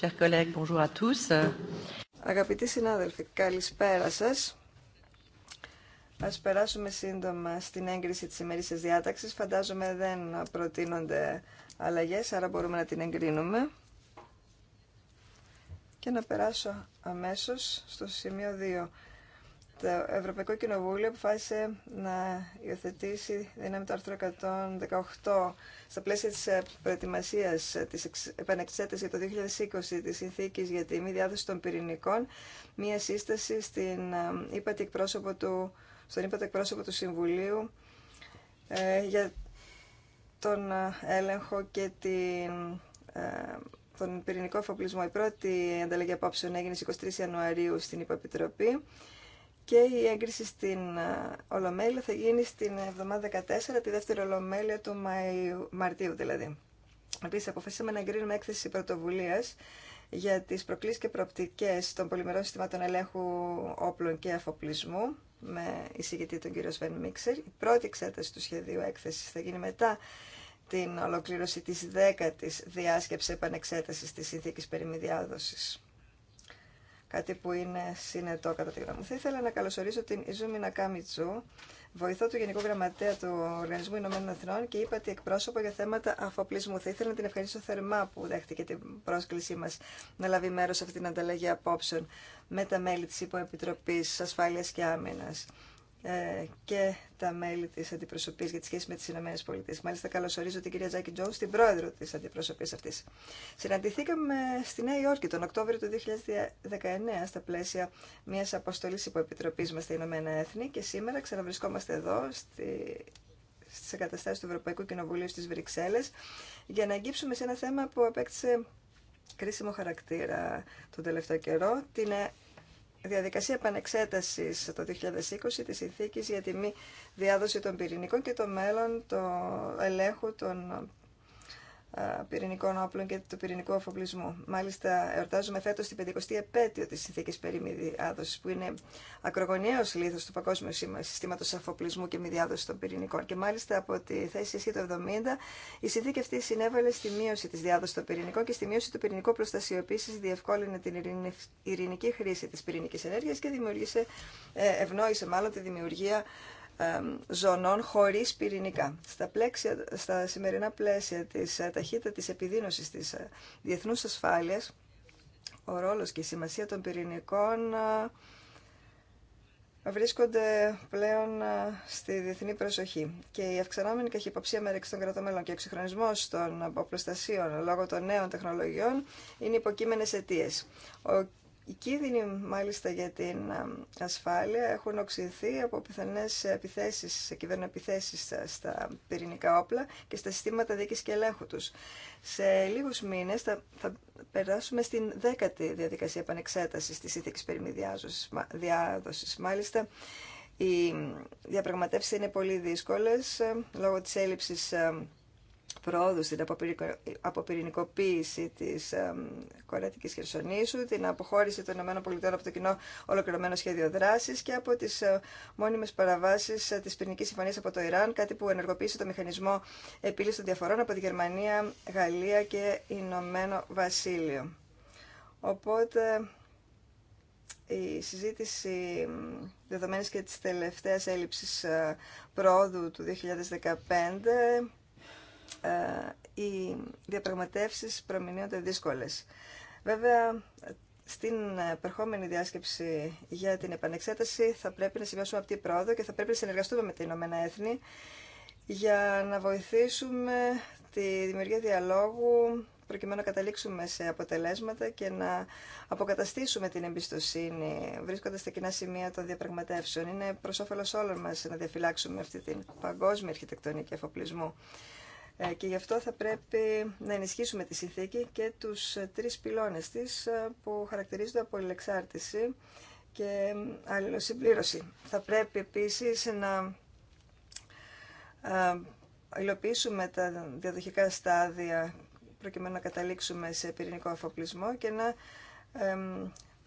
Chers collègues, bonjour à tous. Αγαπητοί συνάδελφοι, καλησπέρα σας. Ας περάσουμε σύντομα στην έγκριση τη ημερήσιας διάταξη. Φαντάζομαι δεν προτείνονται αλλαγές, άρα μπορούμε να την εγκρίνουμε. Και να περάσω αμέσως στο σημείο 2 το Ευρωπαϊκό Κοινοβούλιο αποφάσισε να υιοθετήσει δύναμη το άρθρο 118 στα πλαίσια της ε, προετοιμασίας ε, της επανεξέτασης για το 2020 της συνθήκης για τη μη διάδοση των πυρηνικών μία σύσταση στην του, ε, στον ύπατη εκπρόσωπο του Συμβουλίου για τον έλεγχο και την, τον πυρηνικό εφοπλισμό. Η πρώτη ανταλλαγή απόψεων έγινε στις 23 Ιανουαρίου στην ΥΠΑ και η έγκριση στην ε, Ολομέλεια θα γίνει στην εβδομάδα 14, τη δεύτερη Ολομέλεια του Μαΐου, Μαρτίου δηλαδή. Επίσης αποφασίσαμε να εγκρίνουμε έκθεση πρωτοβουλία για τις προκλήσεις και προοπτικές των πολυμερών συστημάτων ελέγχου όπλων και αφοπλισμού με εισηγητή τον κύριο Σβέν Μίξερ. Η πρώτη εξέταση του σχεδίου έκθεσης θα γίνει μετά την ολοκλήρωση της δέκατης διάσκεψης επανεξέτασης της συνθήκης περιμηδιάδοση κάτι που είναι συνετό κατά τη γνώμη μου. Θα ήθελα να καλωσορίσω την Ιζούμι Νακάμιτσου, βοηθό του Γενικού Γραμματέα του Οργανισμού Ηνωμένων Εθνών και είπα ότι εκπρόσωπο για θέματα αφοπλισμού. Θα ήθελα να την ευχαριστήσω θερμά που δέχτηκε την πρόσκλησή μα να λάβει μέρο σε αυτή την ανταλλαγή απόψεων με τα μέλη τη Υποεπιτροπή Ασφάλεια και Άμυνα. Ε, και τα μέλη τη αντιπροσωπη για τη σχέση με τι ηνωμενε πολιτειε Μάλιστα καλωσορίζω την κυρία τζακι Τζόου, την πρόεδρο τη αντιπροσωπη αυτη Συναντηθήκαμε στη Νέα Υόρκη τον Οκτώβριο του 2019 στα πλαίσια μια αποστολή υποεπιτροπή μα στα Ηνωμένα Έθνη και σήμερα ξαναβρισκόμαστε εδώ στη στι εγκαταστάσει του Ευρωπαϊκού Κοινοβουλίου στι Βρυξέλλε, για να αγγίψουμε σε ένα θέμα που απέκτησε κρίσιμο χαρακτήρα τον τελευταίο καιρό, την διαδικασία επανεξέταση το 2020 τη συνθήκη για τη μη διάδοση των πυρηνικών και το μέλλον του ελέγχου των πυρηνικών όπλων και του πυρηνικού αφοπλισμού. Μάλιστα, εορτάζουμε φέτο την 50η επέτειο τη συνθήκη περί διάδοση, που είναι ακρογωνιαίο λίθο του παγκόσμιου συστήματο αφοπλισμού και μη διάδοση των πυρηνικών. Και μάλιστα από τη θέση ισχύ του 70, η συνθήκη αυτή συνέβαλε στη μείωση τη διάδοση των πυρηνικών και στη μείωση του πυρηνικού προστασίου. διευκόλυνε την ειρηνική χρήση τη πυρηνική ενέργεια και δημιούργησε, ε, ευνόησε μάλλον τη δημιουργία ζωνών χωρίς πυρηνικά. Στα, πλέξια, στα σημερινά πλαίσια της ε, ταχύτητα της επιδείνωσης της ε, διεθνούς ασφάλειας, ο ρόλος και η σημασία των πυρηνικών ε, βρίσκονται πλέον στη διεθνή προσοχή. Και η αυξανόμενη καχυποψία μεταξύ των κρατών και ο εξυγχρονισμό των αποστασίων λόγω των νέων τεχνολογιών είναι υποκείμενε αιτίε. Οι κίνδυνοι μάλιστα για την ασφάλεια έχουν οξυνθεί από πιθανές επιθέσεις, κυβερνοεπιθέσεις στα πυρηνικά όπλα και στα συστήματα δίκης και ελέγχου τους. Σε λίγους μήνες θα, θα περάσουμε στην δέκατη διαδικασία επανεξέτασης της ήθικης διάδοσης Μάλιστα, οι διαπραγματεύσεις είναι πολύ δύσκολες ε, λόγω της έλλειψης ε, πρόοδου στην αποπυρηνικοποίηση της κορεατικής χερσονήσου, την αποχώρηση των ΗΠΑ από το κοινό ολοκληρωμένο σχέδιο δράση και από τι ε, μόνιμες παραβάσει ε, τη πυρηνικής συμφωνία από το Ιράν, κάτι που ενεργοποίησε το μηχανισμό επίλυση των διαφορών από τη Γερμανία, Γαλλία και Ηνωμένο Βασίλειο. Οπότε η συζήτηση δεδομένης και της τελευταίας έλλειψης ε, πρόοδου του 2015 ε, οι διαπραγματεύσεις προμηνύονται δύσκολες. Βέβαια, στην επερχόμενη διάσκεψη για την επανεξέταση θα πρέπει να σημειώσουμε αυτή την πρόοδο και θα πρέπει να συνεργαστούμε με τα Ηνωμένα Έθνη για να βοηθήσουμε τη δημιουργία διαλόγου προκειμένου να καταλήξουμε σε αποτελέσματα και να αποκαταστήσουμε την εμπιστοσύνη βρίσκοντα τα κοινά σημεία των διαπραγματεύσεων. Είναι προς όφελος όλων μας να διαφυλάξουμε αυτή την παγκόσμια αρχιτεκτονική αφοπλισμού. Ε, και γι' αυτό θα πρέπει να ενισχύσουμε τη συνθήκη και τους ε, τρεις πυλώνες της ε, που χαρακτηρίζονται από ελεξάρτηση και αλληλοσυμπλήρωση. Θα πρέπει επίσης να υλοποιήσουμε τα διαδοχικά στάδια προκειμένου να καταλήξουμε σε πυρηνικό αφοπλισμό και να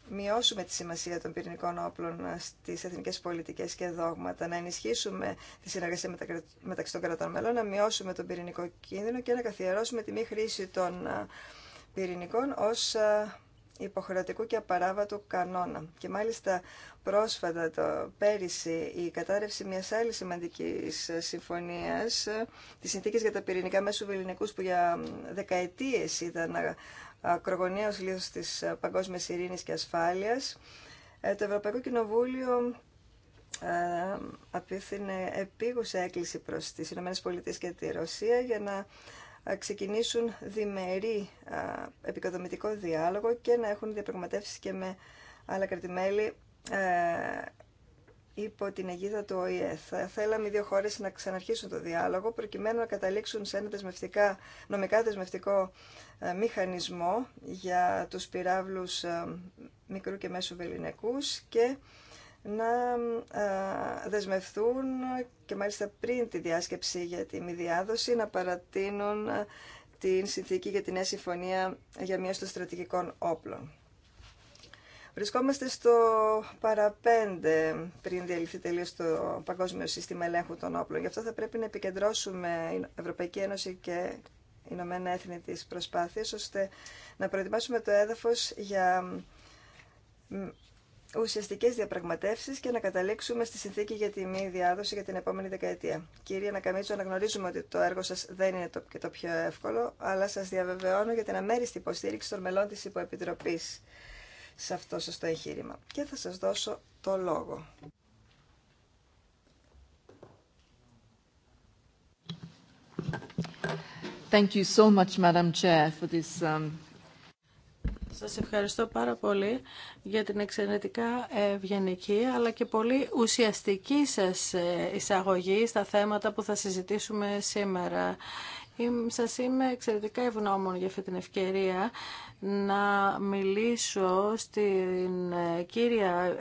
μειώσουμε τη σημασία των πυρηνικών όπλων στι εθνικές πολιτικές και δόγματα, να ενισχύσουμε τη συνεργασία μεταξύ των κρατών μελών, να μειώσουμε τον πυρηνικό κίνδυνο και να καθιερώσουμε τη μη χρήση των πυρηνικών ως υποχρεωτικού και απαράβατου κανόνα. Και μάλιστα πρόσφατα το πέρυσι η κατάρρευση μιας άλλη σημαντική συμφωνία, τη συνθήκη για τα πυρηνικά μέσου βεληνικού, που για δεκαετίε ήταν ακρογωνιαίος λίθος της ε, παγκόσμιας ειρήνης και ασφάλειας, ε, το Ευρωπαϊκό Κοινοβούλιο ε, απίθυνε επίγουσα έκκληση προς τις ΗΠΑ και τη Ρωσία για να ξεκινήσουν διμερή επικοδομητικό διάλογο και να έχουν διαπραγματεύσει και με άλλα κρατημέλη υπό την αιγίδα του ΟΗΕ. Θα θέλαμε οι δύο χώρε να ξαναρχίσουν το διάλογο προκειμένου να καταλήξουν σε ένα δεσμευτικά, νομικά δεσμευτικό ε, μηχανισμό για τους πυράβλους ε, μικρού και μέσου βεληνικούς και να ε, δεσμευτούν και μάλιστα πριν τη διάσκεψη για τη μη διάδοση να παρατείνουν την συνθήκη για τη νέα συμφωνία για μία των στρατηγικών όπλων. Βρισκόμαστε στο παραπέντε πριν διαλυθεί τελείως το Παγκόσμιο Σύστημα Ελέγχου των Όπλων. Γι' αυτό θα πρέπει να επικεντρώσουμε η Ευρωπαϊκή Ένωση και οι Ηνωμένα Έθνη τις προσπάθειες, ώστε να προετοιμάσουμε το έδαφος για ουσιαστικές διαπραγματεύσεις και να καταλήξουμε στη συνθήκη για τη μη διάδοση για την επόμενη δεκαετία. Κύριε Νακαμίτσο, αναγνωρίζουμε ότι το έργο σας δεν είναι το, και το πιο εύκολο, αλλά σας διαβεβαιώνω για την αμέριστη υποστήριξη των μελών της Υποεπιτροπής σε αυτό σας το εγχείρημα. Και θα σας δώσω το λόγο. Thank you so much, Madam Chair, for this, um, Σας ευχαριστώ πάρα πολύ για την εξαιρετικά ευγενική αλλά και πολύ ουσιαστική σας ε, εισαγωγή στα θέματα που θα συζητήσουμε σήμερα. Σας είμαι εξαιρετικά ευγνώμων για αυτή την ευκαιρία να μιλήσω στην ε, κύρια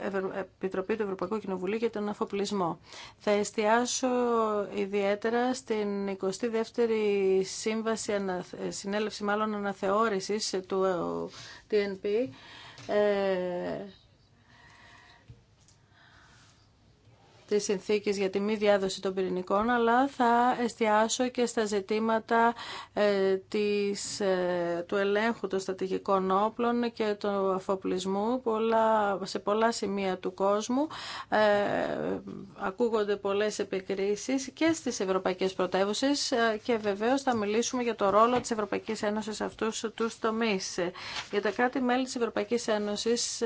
Επιτροπή του Ευρωπαϊκού Κοινοβουλίου για τον αφοπλισμό. Θα εστιάσω ιδιαίτερα στην 22η σύμβαση, ε, συνέλευση μάλλον αναθεώρησης του TNP, ε, τις συνθήκες για τη μη διάδοση των πυρηνικών, αλλά θα εστιάσω και στα ζητήματα ε, της, ε, του ελέγχου των στατηγικών όπλων και του αφοπλισμού σε πολλά σημεία του κόσμου. Ε, ακούγονται πολλές επικρίσεις και στις ευρωπαϊκές πρωτεύουσες και βεβαίως θα μιλήσουμε για το ρόλο της Ευρωπαϊκής Ένωσης αυτούς τους τομείς. Για τα κράτη-μέλη της Ευρωπαϊκής Ένωσης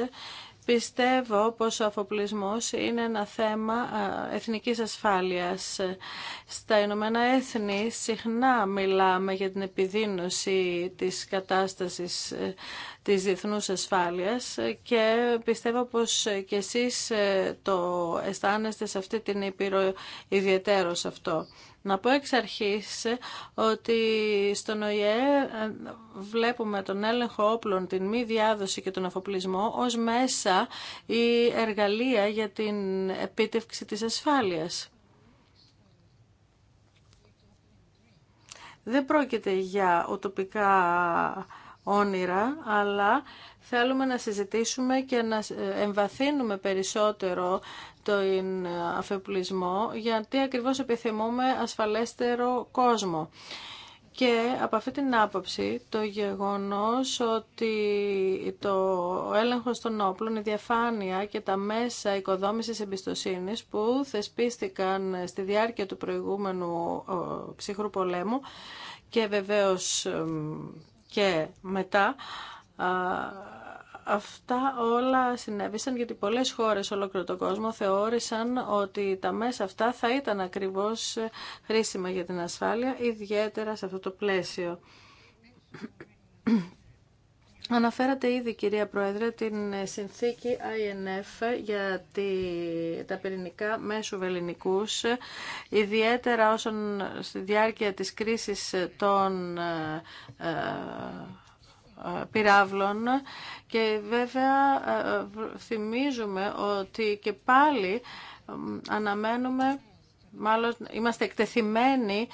Πιστεύω πως ο αφοπλισμός είναι ένα θέμα εθνικής ασφάλειας. Στα Ηνωμένα Έθνη συχνά μιλάμε για την επιδείνωση της κατάστασης ε, της διεθνούς ασφάλειας και πιστεύω πως και εσείς ε, το αισθάνεστε σε αυτή την ήπειρο ιδιαίτερο αυτό. Να πω εξ αρχής ότι στον ΟΗΕ ε, βλέπουμε τον έλεγχο όπλων, την μη διάδοση και τον αφοπλισμό ως μέσα ή εργαλεία για την επίτευξη της ασφάλειας. Δεν πρόκειται για οτοπικά όνειρα, αλλά θέλουμε να συζητήσουμε και να εμβαθύνουμε περισσότερο τον αφεπλισμό, γιατί ακριβώς επιθυμούμε ασφαλέστερο κόσμο. Και από αυτή την άποψη το γεγονός ότι το έλεγχος των όπλων, η διαφάνεια και τα μέσα οικοδόμησης εμπιστοσύνης που θεσπίστηκαν στη διάρκεια του προηγούμενου ψυχρού πολέμου και βεβαίως και μετά Αυτά όλα συνέβησαν γιατί πολλές χώρες ολόκληρο τον κόσμο θεώρησαν ότι τα μέσα αυτά θα ήταν ακριβώς χρήσιμα για την ασφάλεια, ιδιαίτερα σε αυτό το πλαίσιο. Αναφέρατε ήδη, κυρία Πρόεδρε, την συνθήκη INF για τα πυρηνικά μέσου βεληνικούς, ιδιαίτερα όσον στη διάρκεια της κρίσης των ε, πυράβλων και βέβαια ε, ε, θυμίζουμε ότι και πάλι αναμένουμε, μάλλον είμαστε εκτεθειμένοι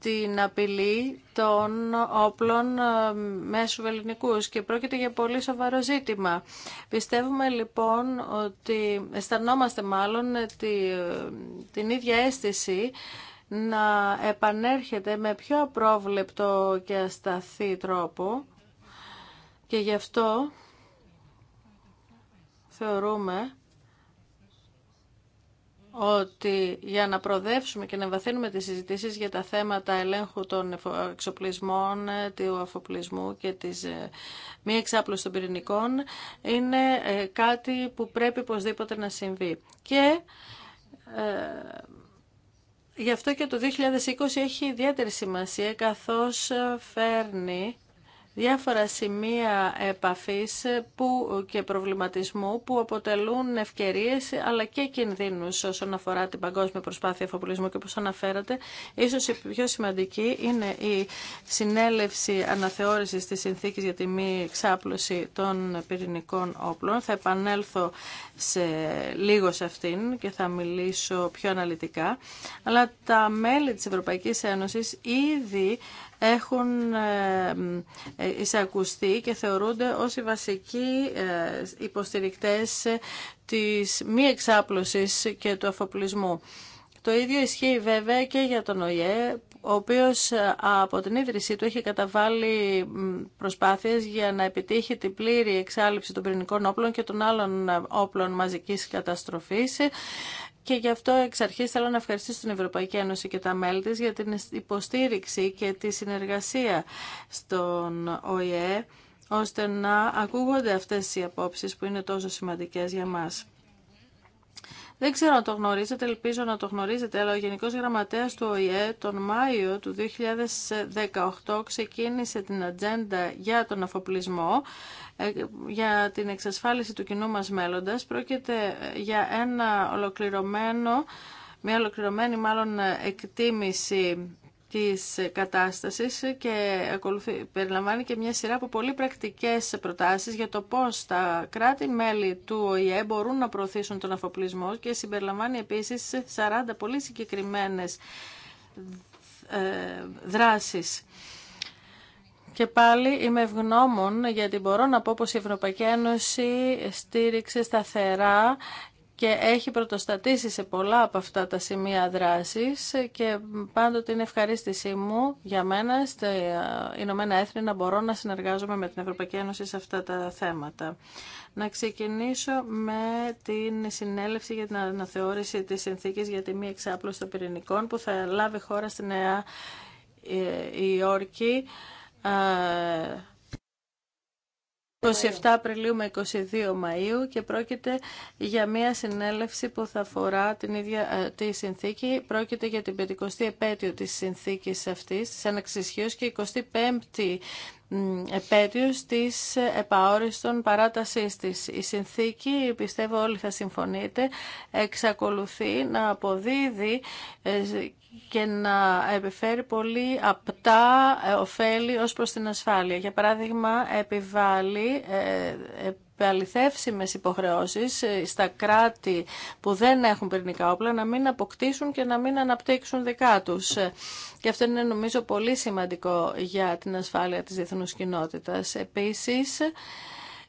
την απειλή των όπλων ε, μέσου ελληνικού και πρόκειται για πολύ σοβαρό ζήτημα. Πιστεύουμε λοιπόν ότι αισθανόμαστε μάλλον τη, την ίδια αίσθηση να επανέρχεται με πιο απρόβλεπτο και ασταθή τρόπο και γι' αυτό θεωρούμε ότι για να προδεύσουμε και να βαθύνουμε τις συζητήσεις για τα θέματα ελέγχου των εξοπλισμών, του αφοπλισμού και της ε, μη εξάπλωση των πυρηνικών είναι ε, κάτι που πρέπει οπωσδήποτε να συμβεί. Και ε, Γι' αυτό και το 2020 έχει ιδιαίτερη σημασία καθώς ε, φέρνει διάφορα σημεία επαφής που και προβληματισμού που αποτελούν ευκαιρίες αλλά και κινδύνους όσον αφορά την παγκόσμια προσπάθεια εφοπλισμού και όπως αναφέρατε ίσως η πιο σημαντική είναι η συνέλευση αναθεώρησης της συνθήκης για τη μη εξάπλωση των πυρηνικών όπλων. Θα επανέλθω σε λίγο σε αυτήν και θα μιλήσω πιο αναλυτικά αλλά τα μέλη της Ευρωπαϊκής Ένωσης ήδη έχουν ε, ε, εισακουστεί και θεωρούνται ως οι βασικοί ε, υποστηρικτές της μη εξάπλωσης και του αφοπλισμού. Το ίδιο ισχύει βέβαια και για τον ΟΙΕ, ο οποίος από την ίδρυσή του έχει καταβάλει προσπάθειες για να επιτύχει την πλήρη εξάλληψη των πυρηνικών όπλων και των άλλων όπλων μαζικής καταστροφής και γι' αυτό εξ αρχή θέλω να ευχαριστήσω την Ευρωπαϊκή Ένωση και τα μέλη τη για την υποστήριξη και τη συνεργασία στον ΟΗΕ ώστε να ακούγονται αυτές οι απόψεις που είναι τόσο σημαντικές για μας. Δεν ξέρω αν το γνωρίζετε, ελπίζω να το γνωρίζετε, αλλά ο Γενικό Γραμματέα του ΟΗΕ τον Μάιο του 2018 ξεκίνησε την ατζέντα για τον αφοπλισμό ε, για την εξασφάλιση του κοινού μας μέλλοντας. Πρόκειται για ένα ολοκληρωμένο, μια ολοκληρωμένη μάλλον εκτίμηση της κατάστασης και περιλαμβάνει και μια σειρά από πολύ πρακτικές προτάσεις για το πώς τα κράτη-μέλη του ΟΗΕ μπορούν να προωθήσουν τον αφοπλισμό και συμπεριλαμβάνει επίσης 40 πολύ συγκεκριμένες ε, δράσεις. Και πάλι είμαι ευγνώμων γιατί μπορώ να πω πως η Ευρωπαϊκή Ένωση στήριξε σταθερά και έχει πρωτοστατήσει σε πολλά από αυτά τα σημεία δράσης και πάντοτε είναι ευχαρίστησή μου για μένα στα Ηνωμένα Έθνη να μπορώ να συνεργάζομαι με την Ευρωπαϊκή Ένωση σε αυτά τα θέματα. Να ξεκινήσω με την συνέλευση για την αναθεώρηση της συνθήκης για τη μη εξάπλωση των πυρηνικών που θα λάβει χώρα στη Νέα Υόρκη 27 Απριλίου με 22 Μαΐου και πρόκειται για μια συνέλευση που θα αφορά την ίδια ε, τη συνθήκη. Πρόκειται για την 50η επέτειο της συνθήκης αυτής, της έναξης και 25η επέτειος της επαόριστον παράτασής της. Η συνθήκη, πιστεύω όλοι θα συμφωνείτε, εξακολουθεί να αποδίδει ε, και να επιφέρει πολύ απτά ε, ωφέλη ως προς την ασφάλεια. Για παράδειγμα, επιβάλλει ε, επαληθεύσιμες υποχρεώσεις ε, στα κράτη που δεν έχουν πυρηνικά όπλα να μην αποκτήσουν και να μην αναπτύξουν δικά τους. Ε, και αυτό είναι νομίζω πολύ σημαντικό για την ασφάλεια της διεθνούς κοινότητας. Επίσης,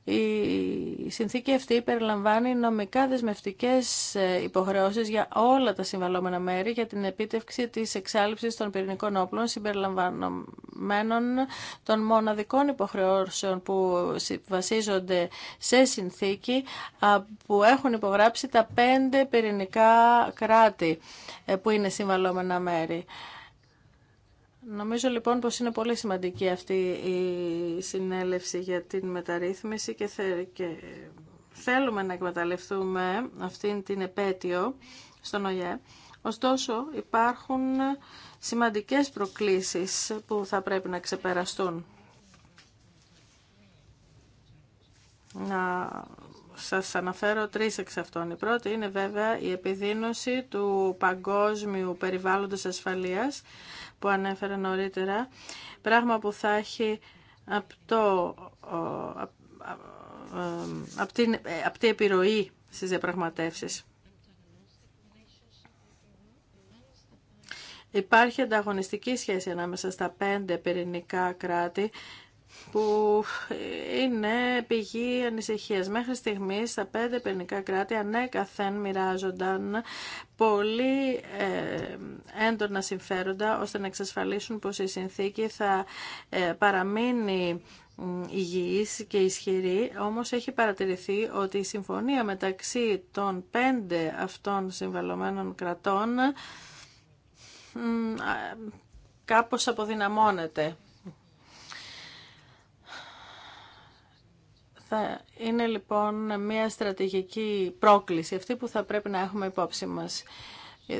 η συνθήκη αυτή περιλαμβάνει νομικά δεσμευτικές ε, υποχρεώσεις για όλα τα συμβαλόμενα μέρη για την επίτευξη της εξάλληψης των πυρηνικών όπλων συμπεριλαμβανομένων των μοναδικών υποχρεώσεων που βασίζονται σε συνθήκη που έχουν υπογράψει τα πέντε πυρηνικά κράτη ε, που είναι συμβαλόμενα μέρη. Νομίζω λοιπόν πως είναι πολύ σημαντική αυτή η συνέλευση για την μεταρρύθμιση και, θέλουμε να εκμεταλλευτούμε αυτήν την επέτειο στον ΟΙΕ. Ωστόσο υπάρχουν σημαντικές προκλήσεις που θα πρέπει να ξεπεραστούν. Να σας αναφέρω τρεις εξ αυτών. Η πρώτη είναι βέβαια η επιδείνωση του παγκόσμιου περιβάλλοντος ασφαλείας που ανέφερα νωρίτερα, πράγμα που θα έχει από, το, από, ε, την, ε, από την επιρροή στις διαπραγματεύσεις. Υπάρχει ανταγωνιστική σχέση ανάμεσα στα πέντε πυρηνικά κράτη που είναι πηγή ανησυχίας. Μέχρι στιγμής τα πέντε πυρηνικά κράτη ανέκαθεν μοιράζονταν πολύ ε, έντονα συμφέροντα ώστε να εξασφαλίσουν πως η συνθήκη θα ε, παραμείνει υγιής και ισχυρή, όμως έχει παρατηρηθεί ότι η συμφωνία μεταξύ των πέντε αυτών συμβαλωμένων κρατών κάπως αποδυναμώνεται. Θα είναι λοιπόν μια στρατηγική πρόκληση αυτή που θα πρέπει να έχουμε υπόψη μας.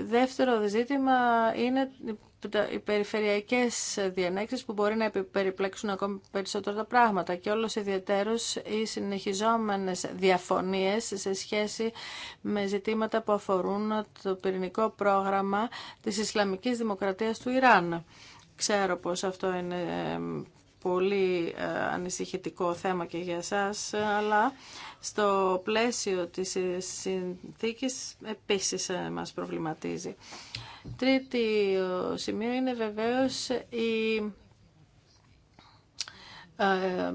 Δεύτερο ζήτημα είναι οι περιφερειακές διανέξεις που μπορεί να περιπλέξουν ακόμη περισσότερο τα πράγματα και όλος ιδιαίτερος οι συνεχιζόμενες διαφωνίες σε σχέση με ζητήματα που αφορούν το πυρηνικό πρόγραμμα της Ισλαμικής Δημοκρατίας του Ιράν. Ξέρω πως αυτό είναι πολύ ε, ανησυχητικό θέμα και για σας, αλλά στο πλαίσιο της συνθήκης επίσης ε, μας προβληματίζει. Τρίτη σημείο είναι βεβαίως η ε,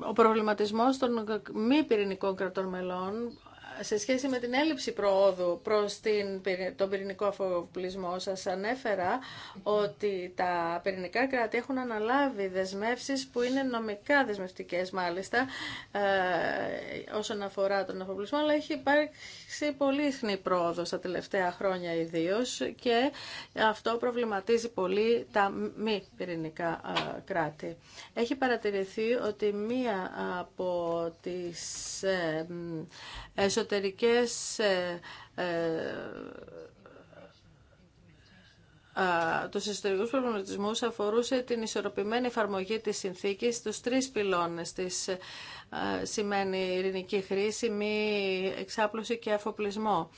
ο προβληματισμός των μη πυρηνικών κρατών μελών σε σχέση με την έλλειψη προόδου προς την, τον πυρηνικό αφοπλισμό σας ανέφερα ότι τα πυρηνικά κράτη έχουν αναλάβει δεσμεύσεις που είναι νομικά δεσμευτικές μάλιστα ε, όσον αφορά τον αφοπλισμό αλλά έχει υπάρξει πολύ ίχνη πρόοδο τα τελευταία χρόνια ιδίω και αυτό προβληματίζει πολύ τα μη πυρηνικά ε, κράτη. Έχει παρατηρηθεί ότι μία από τις ε, εσωτερικές ε, ε, τους ιστορικούς προγραμματισμούς αφορούσε την ισορροπημένη εφαρμογή της συνθήκης στους τρεις πυλώνες της ε, σημαίνει ειρηνική χρήση, μη εξάπλωση και αφοπλισμό.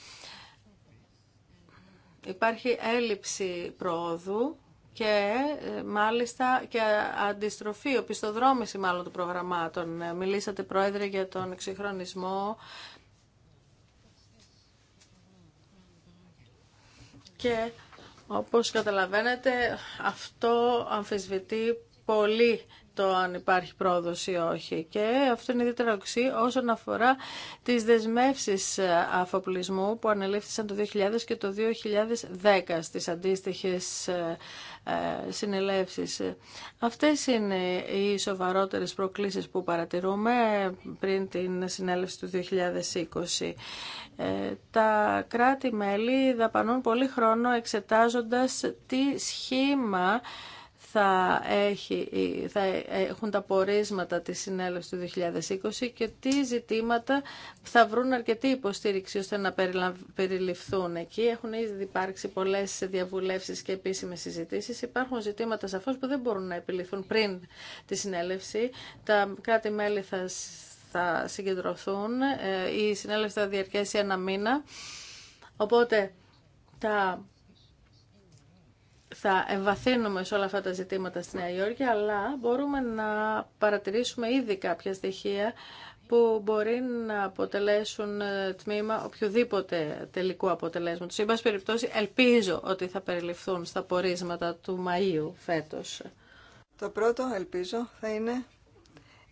Υπάρχει έλλειψη προόδου και μάλιστα και αντιστροφή, οπισθοδρόμηση μάλλον των προγραμμάτων. Μιλήσατε, Πρόεδρε, για τον εξυγχρονισμό και όπως καταλαβαίνετε αυτό αμφισβητεί πολύ το αν υπάρχει πρόοδος ή όχι. Και αυτό είναι ιδιαίτερα οξύ όσον αφορά τις δεσμεύσεις ε, αφοπλισμού που ανελήφθησαν το 2000 και το 2010 στις αντίστοιχες ε, ε, συνελεύσεις. Αυτές είναι οι σοβαρότερες προκλήσεις που παρατηρούμε πριν την συνέλευση του 2020. Τα κράτη-μέλη δαπανούν πολύ χρόνο εξετάζοντας τι σχήμα θα, έχει, θα έχουν τα πορίσματα της συνέλευσης του 2020 και τι ζητήματα θα βρουν αρκετή υποστήριξη ώστε να περιληφθούν εκεί. Έχουν ήδη υπάρξει πολλές διαβουλεύσεις και επίσημες συζητήσεις. Υπάρχουν ζητήματα σαφώς που δεν μπορούν να επιληφθούν πριν τη συνέλευση. Τα κράτη-μέλη θα, θα συγκεντρωθούν. Ε, η συνέλευση θα διαρκέσει ένα μήνα. Οπότε τα θα εμβαθύνουμε σε όλα αυτά τα ζητήματα στη Νέα Υόρκη, αλλά μπορούμε να παρατηρήσουμε ήδη κάποια στοιχεία που μπορεί να αποτελέσουν ε, τμήμα οποιοδήποτε τελικού αποτελέσματος. Εν πάση περιπτώσει, ελπίζω ότι θα περιληφθούν στα πορίσματα του Μαΐου φέτος. Το πρώτο, ελπίζω, θα είναι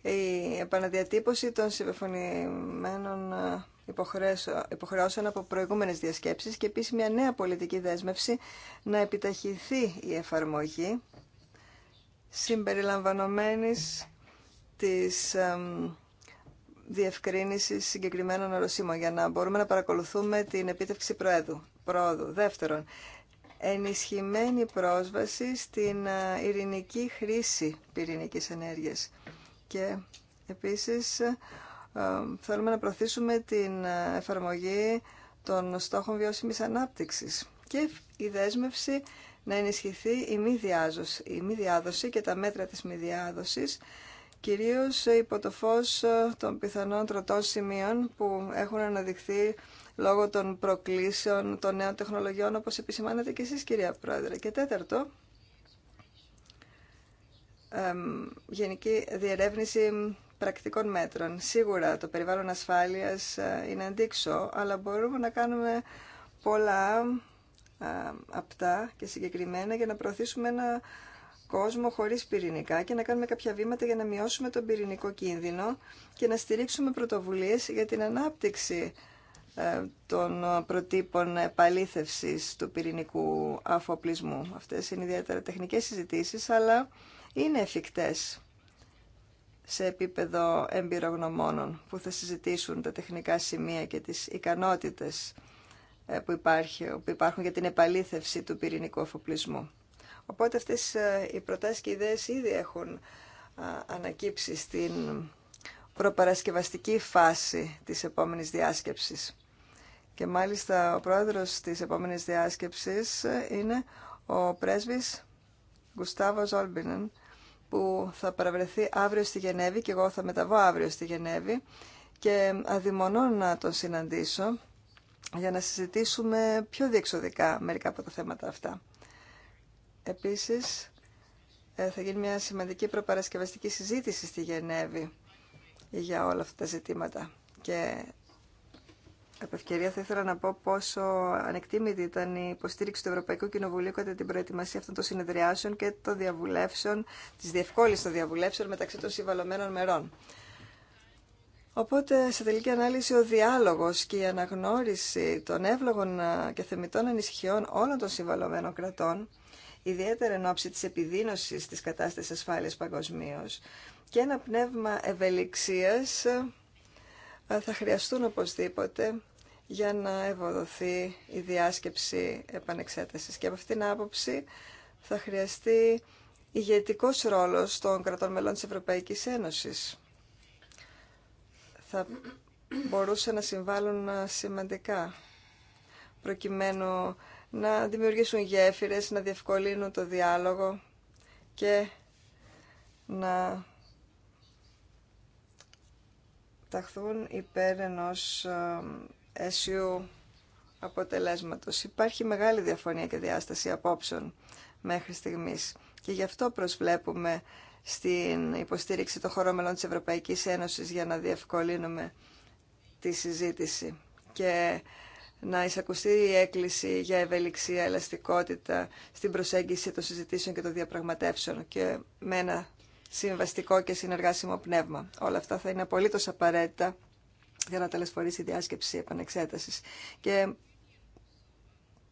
η επαναδιατύπωση των συμπεφωνημένων ε, υποχρεώσεων από προηγούμενες διασκέψεις και επίσης μια νέα πολιτική δέσμευση να επιταχυνθεί η εφαρμογή συμπεριλαμβανομένης της διευκρίνηση συγκεκριμένων οροσίμων για να μπορούμε να παρακολουθούμε την επίτευξη προέδου, πρόοδου. Δεύτερον, ενισχυμένη πρόσβαση στην ε, ειρηνική χρήση πυρηνικής ενέργειας και επίσης ε, θέλουμε να προωθήσουμε την ε, εφαρμογή των στόχων βιώσιμης ανάπτυξης και η δέσμευση να ενισχυθεί η μη, διάδοση, η και τα μέτρα της μη διάδοσης, κυρίως υπό το φως ε, των πιθανών τροτών σημείων που έχουν αναδειχθεί λόγω των προκλήσεων των νέων τεχνολογιών, όπως επισημάνατε και εσείς, κυρία Πρόεδρε. Και τέταρτο, γενική διερεύνηση πρακτικών μέτρων. Σίγουρα το περιβάλλον ασφάλειας ε, είναι αντίξω, αλλά μπορούμε να κάνουμε πολλά ε, απτά και συγκεκριμένα για να προωθήσουμε ένα κόσμο χωρίς πυρηνικά και να κάνουμε κάποια βήματα για να μειώσουμε τον πυρηνικό κίνδυνο και να στηρίξουμε πρωτοβουλίες για την ανάπτυξη ε, των προτύπων επαλήθευσης του πυρηνικού αφοπλισμού. Αυτές είναι ιδιαίτερα τεχνικές συζητήσεις, αλλά είναι εφικτές σε επίπεδο εμπειρογνωμόνων που θα συζητήσουν τα τεχνικά σημεία και τις ικανότητες ε, που, υπάρχει, που υπάρχουν για την επαλήθευση του πυρηνικού αφοπλισμού. Οπότε αυτές ε, οι προτάσεις και ιδέες ήδη έχουν ανακύψει στην προπαρασκευαστική φάση της επόμενης διάσκεψης. Και μάλιστα ο πρόεδρος της επόμενης διάσκεψης ε, είναι ο πρέσβης Γουστάβος Όλμπινεν, που θα παραβρεθεί αύριο στη Γενέβη και εγώ θα μεταβώ αύριο στη Γενέβη και αδειμονώ να τον συναντήσω για να συζητήσουμε πιο διεξοδικά μερικά από τα θέματα αυτά. Επίσης, ε, θα γίνει μια σημαντική προπαρασκευαστική συζήτηση στη Γενέβη για όλα αυτά τα ζητήματα. Και από ευκαιρία θα ήθελα να πω πόσο ανεκτήμητη ήταν η υποστήριξη του Ευρωπαϊκού Κοινοβουλίου κατά την προετοιμασία αυτών των συνεδριάσεων και των διαβουλεύσεων, τη διευκόλυνση των διαβουλεύσεων μεταξύ των συμβαλωμένων μερών. Οπότε, σε τελική ανάλυση, ο διάλογο και η αναγνώριση των εύλογων και θεμητών ανησυχιών όλων των συμβαλωμένων κρατών, ιδιαίτερα εν ώψη της επιδείνωση της κατάστασης ασφάλεια παγκοσμίω και ένα πνεύμα ευελιξίας ε, θα χρειαστούν οπωσδήποτε για να ευοδοθεί η διάσκεψη επανεξέτασης. Και από αυτήν την άποψη θα χρειαστεί ηγετικός ρόλος των κρατών μελών της Ευρωπαϊκής Ένωσης. Θα μπορούσε να συμβάλλουν σημαντικά προκειμένου να δημιουργήσουν γέφυρες, να διευκολύνουν το διάλογο και να ταχθούν υπέρ ενός ε, αισιού αποτελέσματος. Υπάρχει μεγάλη διαφωνία και διάσταση απόψεων μέχρι στιγμής και γι' αυτό προσβλέπουμε στην υποστήριξη των χωρών μελών της Ευρωπαϊκής Ένωσης για να διευκολύνουμε τη συζήτηση και να εισακουστεί η έκκληση για ευελιξία, ελαστικότητα στην προσέγγιση των συζητήσεων και των διαπραγματεύσεων και με ένα συμβαστικό και συνεργάσιμο πνεύμα. Όλα αυτά θα είναι απολύτως απαραίτητα για να τελεσφορήσει η διάσκεψη επανεξέτασης. Και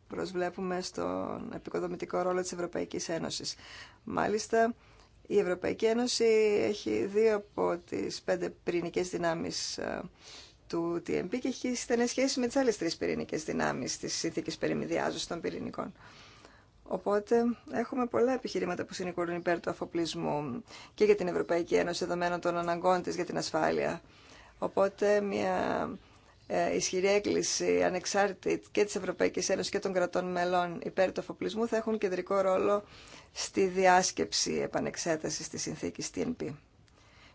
προσβλέπουμε στον επικοδομητικό ρόλο της Ευρωπαϊκής Ένωσης. Μάλιστα, η Ευρωπαϊκή Ένωση έχει δύο από τις πέντε πυρηνικές δυνάμεις ε, του TMP και έχει στενές σχέσεις με τις άλλες τρεις πυρηνικές δυνάμεις της συνθήκης περιμηδιάζωσης των πυρηνικών. Οπότε έχουμε πολλά επιχειρήματα που συνηγορούν υπέρ του αφοπλισμού και για την Ευρωπαϊκή Ένωση δεδομένων των αναγκών της για την ασφάλεια. Οπότε μια ε, ισχυρή έκκληση ανεξάρτητη και της Ευρωπαϊκής Ένωσης και των κρατών μελών υπέρ του αφοπλισμού θα έχουν κεντρικό ρόλο στη διάσκεψη επανεξέτασης της συνθήκης TNP.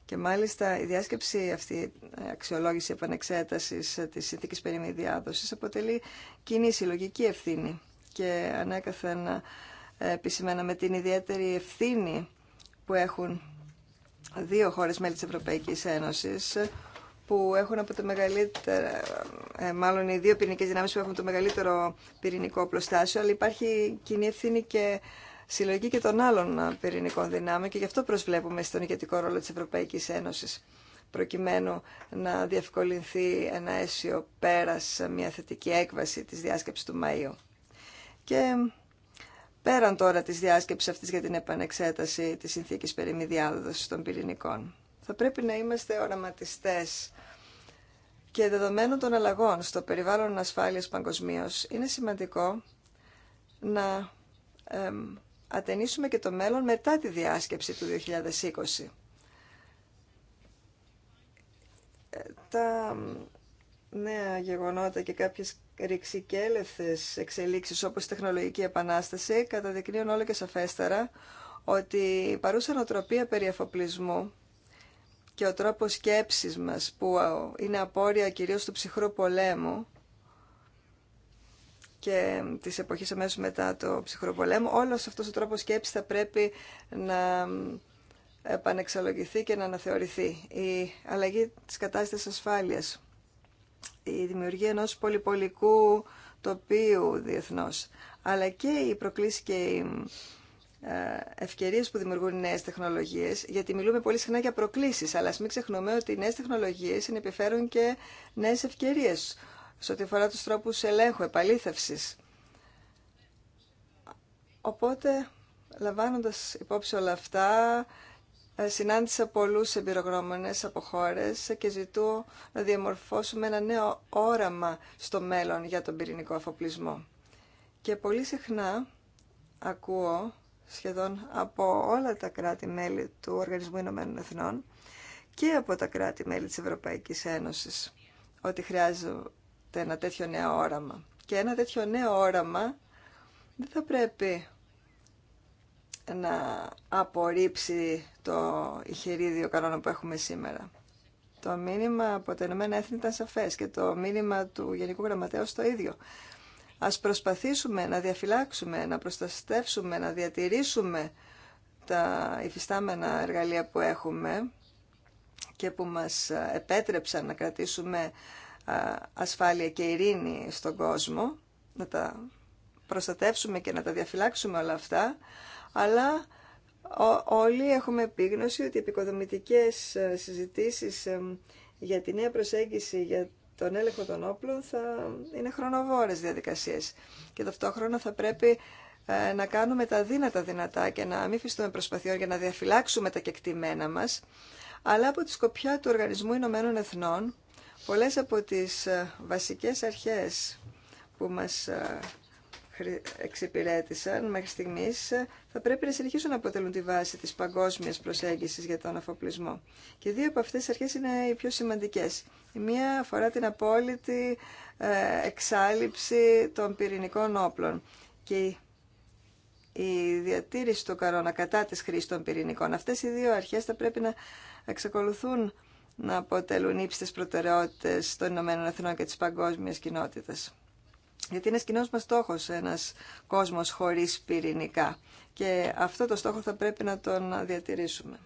Και μάλιστα η διάσκεψη αυτή, η ε, αξιολόγηση επανεξέτασης ε, της συνθήκης περί διάδοσης αποτελεί κοινή συλλογική ευθύνη και ανέκαθεν ε, επισημένα με την ιδιαίτερη ευθύνη που έχουν δύο χώρες μέλη της Ευρωπαϊκής Ένωσης που έχουν από το μεγαλύτερο, ε, μάλλον οι δύο πυρηνικές δυνάμεις που έχουν το μεγαλύτερο πυρηνικό προστάσιο, αλλά υπάρχει κοινή ευθύνη και συλλογή και των άλλων πυρηνικών δυνάμεων και γι' αυτό προσβλέπουμε στον ηγετικό ρόλο της Ευρωπαϊκής Ένωσης προκειμένου να διευκολυνθεί ένα αίσιο πέρας μια θετική έκβαση της διάσκεψης του Μαΐου. Και πέραν τώρα της διάσκεψης αυτής για την επανεξέταση της συνθήκης περί μη διάδοσης των πυρηνικών. Θα πρέπει να είμαστε οραματιστές και δεδομένων των αλλαγών στο περιβάλλον ασφάλειας παγκοσμίω, είναι σημαντικό να εμ, ατενίσουμε και το μέλλον μετά τη διάσκεψη του 2020. Ε, τα νέα γεγονότα και κάποιες ρηξικέλευθε εξελίξεις όπως η τεχνολογική επανάσταση καταδεικνύουν όλο και σαφέστερα ότι η παρούσα νοοτροπία περί εφοπλισμού και ο τρόπος σκέψης μας που είναι απόρρια κυρίως του ψυχρού πολέμου και της εποχής αμέσως μετά το ψυχρό πολέμου όλος αυτός ο τρόπος σκέψης θα πρέπει να επανεξαλογηθεί και να αναθεωρηθεί. Η αλλαγή της κατάστασης ασφάλειας η δημιουργία ενός πολυπολικού τοπίου διεθνώς, αλλά και οι προκλήσεις και οι ε, ευκαιρίες που δημιουργούν οι νέες τεχνολογίες, γιατί μιλούμε πολύ συχνά για προκλήσεις, αλλά ας μην ξεχνούμε ότι οι νέες τεχνολογίες επιφέρουν και νέες ευκαιρίες σε ό,τι αφορά τους τρόπους ελέγχου, επαλήθευσης. Οπότε, λαμβάνοντας υπόψη όλα αυτά, ε, συνάντησα πολλούς εμπειρογνώμονες από χώρε και ζητώ να διαμορφώσουμε ένα νέο όραμα στο μέλλον για τον πυρηνικό αφοπλισμό. Και πολύ συχνά ακούω σχεδόν από όλα τα κράτη-μέλη του Οργανισμού Ηνωμένων Εθνών και από τα κράτη-μέλη της Ευρωπαϊκής Ένωσης ότι χρειάζεται ένα τέτοιο νέο όραμα. Και ένα τέτοιο νέο όραμα δεν θα πρέπει να απορρίψει το ηχερίδιο κανόνα που έχουμε σήμερα. Το μήνυμα από τα Ηνωμένα Έθνη ήταν σαφέ και το μήνυμα του Γενικού Γραμματέως το ίδιο. Ας προσπαθήσουμε να διαφυλάξουμε, να προστατεύσουμε, να διατηρήσουμε τα υφιστάμενα εργαλεία που έχουμε και που μας επέτρεψαν να κρατήσουμε ασφάλεια και ειρήνη στον κόσμο, να τα προστατεύσουμε και να τα διαφυλάξουμε όλα αυτά, αλλά όλοι έχουμε επίγνωση ότι οι επικοδομητικές ε, συζητήσεις ε, για τη νέα προσέγγιση για τον έλεγχο των όπλων θα είναι χρονοβόρες διαδικασίες και ταυτόχρονα θα πρέπει ε, να κάνουμε τα δύνατα δυνατά και να μην φυστούμε προσπαθειών για να διαφυλάξουμε τα κεκτημένα μας, αλλά από τη σκοπιά του Οργανισμού Ηνωμένων Εθνών, πολλές από τις βασικές αρχές που μας εξυπηρέτησαν μέχρι στιγμή, θα πρέπει να συνεχίσουν να αποτελούν τη βάση τη παγκόσμια προσέγγιση για τον αφοπλισμό. Και δύο από αυτέ τι αρχές είναι οι πιο σημαντικέ. Η μία αφορά την απόλυτη ε, εξάλληψη των πυρηνικών όπλων και η διατήρηση του καρόνα κατά τη χρήση των πυρηνικών. Αυτέ οι δύο αρχέ θα πρέπει να εξακολουθούν να αποτελούν ύψιστε προτεραιότητες των Ηνωμένων Εθνών και τη παγκόσμια κοινότητα. Γιατί είναι κοινό μα στόχο ένα κόσμο χωρί πυρηνικά. Και αυτό το στόχο θα πρέπει να τον διατηρήσουμε.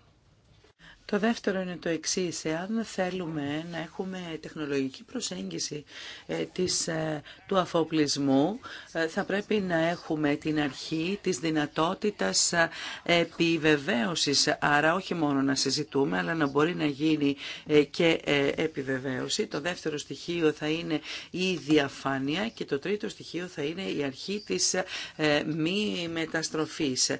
Το δεύτερο είναι το εξή. Εάν θέλουμε να έχουμε τεχνολογική προσέγγιση ε, της, ε, του αφοπλισμού, ε, θα πρέπει να έχουμε την αρχή της δυνατότητας επιβεβαίωσης. Άρα όχι μόνο να συζητούμε, αλλά να μπορεί να γίνει και επιβεβαίωση. Το δεύτερο στοιχείο θα είναι η διαφάνεια και το τρίτο στοιχείο θα είναι η αρχή της μη μεταστροφής.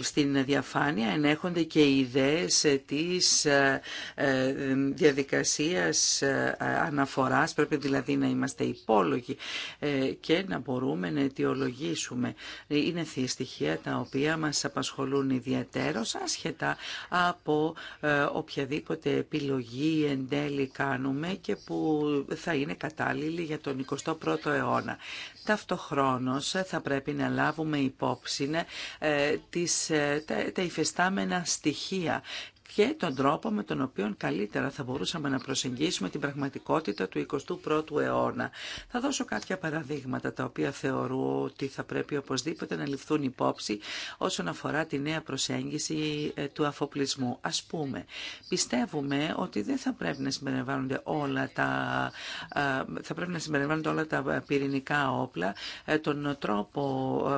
Στην διαφάνεια ενέχονται και οι ιδέες της ε, ε, διαδικασίας ε, αναφοράς, πρέπει δηλαδή να είμαστε υπόλογοι και να μπορούμε να αιτιολογήσουμε. Είναι θεία στοιχεία τα οποία μας απασχολούν ιδιαίτερως, άσχετα από οποιαδήποτε επιλογή εν τέλει κάνουμε και που θα είναι κατάλληλη για τον 21ο αιώνα. Ταυτοχρόνως θα πρέπει να λάβουμε υπόψη τις, τα, τα στοιχεία και τον τρόπο με τον οποίο καλύτερα θα μπορούσαμε να προσεγγίσουμε την πραγματικότητα του 21ου αιώνα. Θα δώσω κάποια παραδείγματα τα οποία θεωρώ ότι θα πρέπει οπωσδήποτε να ληφθούν υπόψη όσον αφορά τη νέα προσέγγιση ε, του αφοπλισμού. Ας πούμε, πιστεύουμε ότι δεν θα πρέπει να συμπεριλαμβάνονται όλα τα, ε, όλα τα πυρηνικά όπλα, ε, τον τρόπο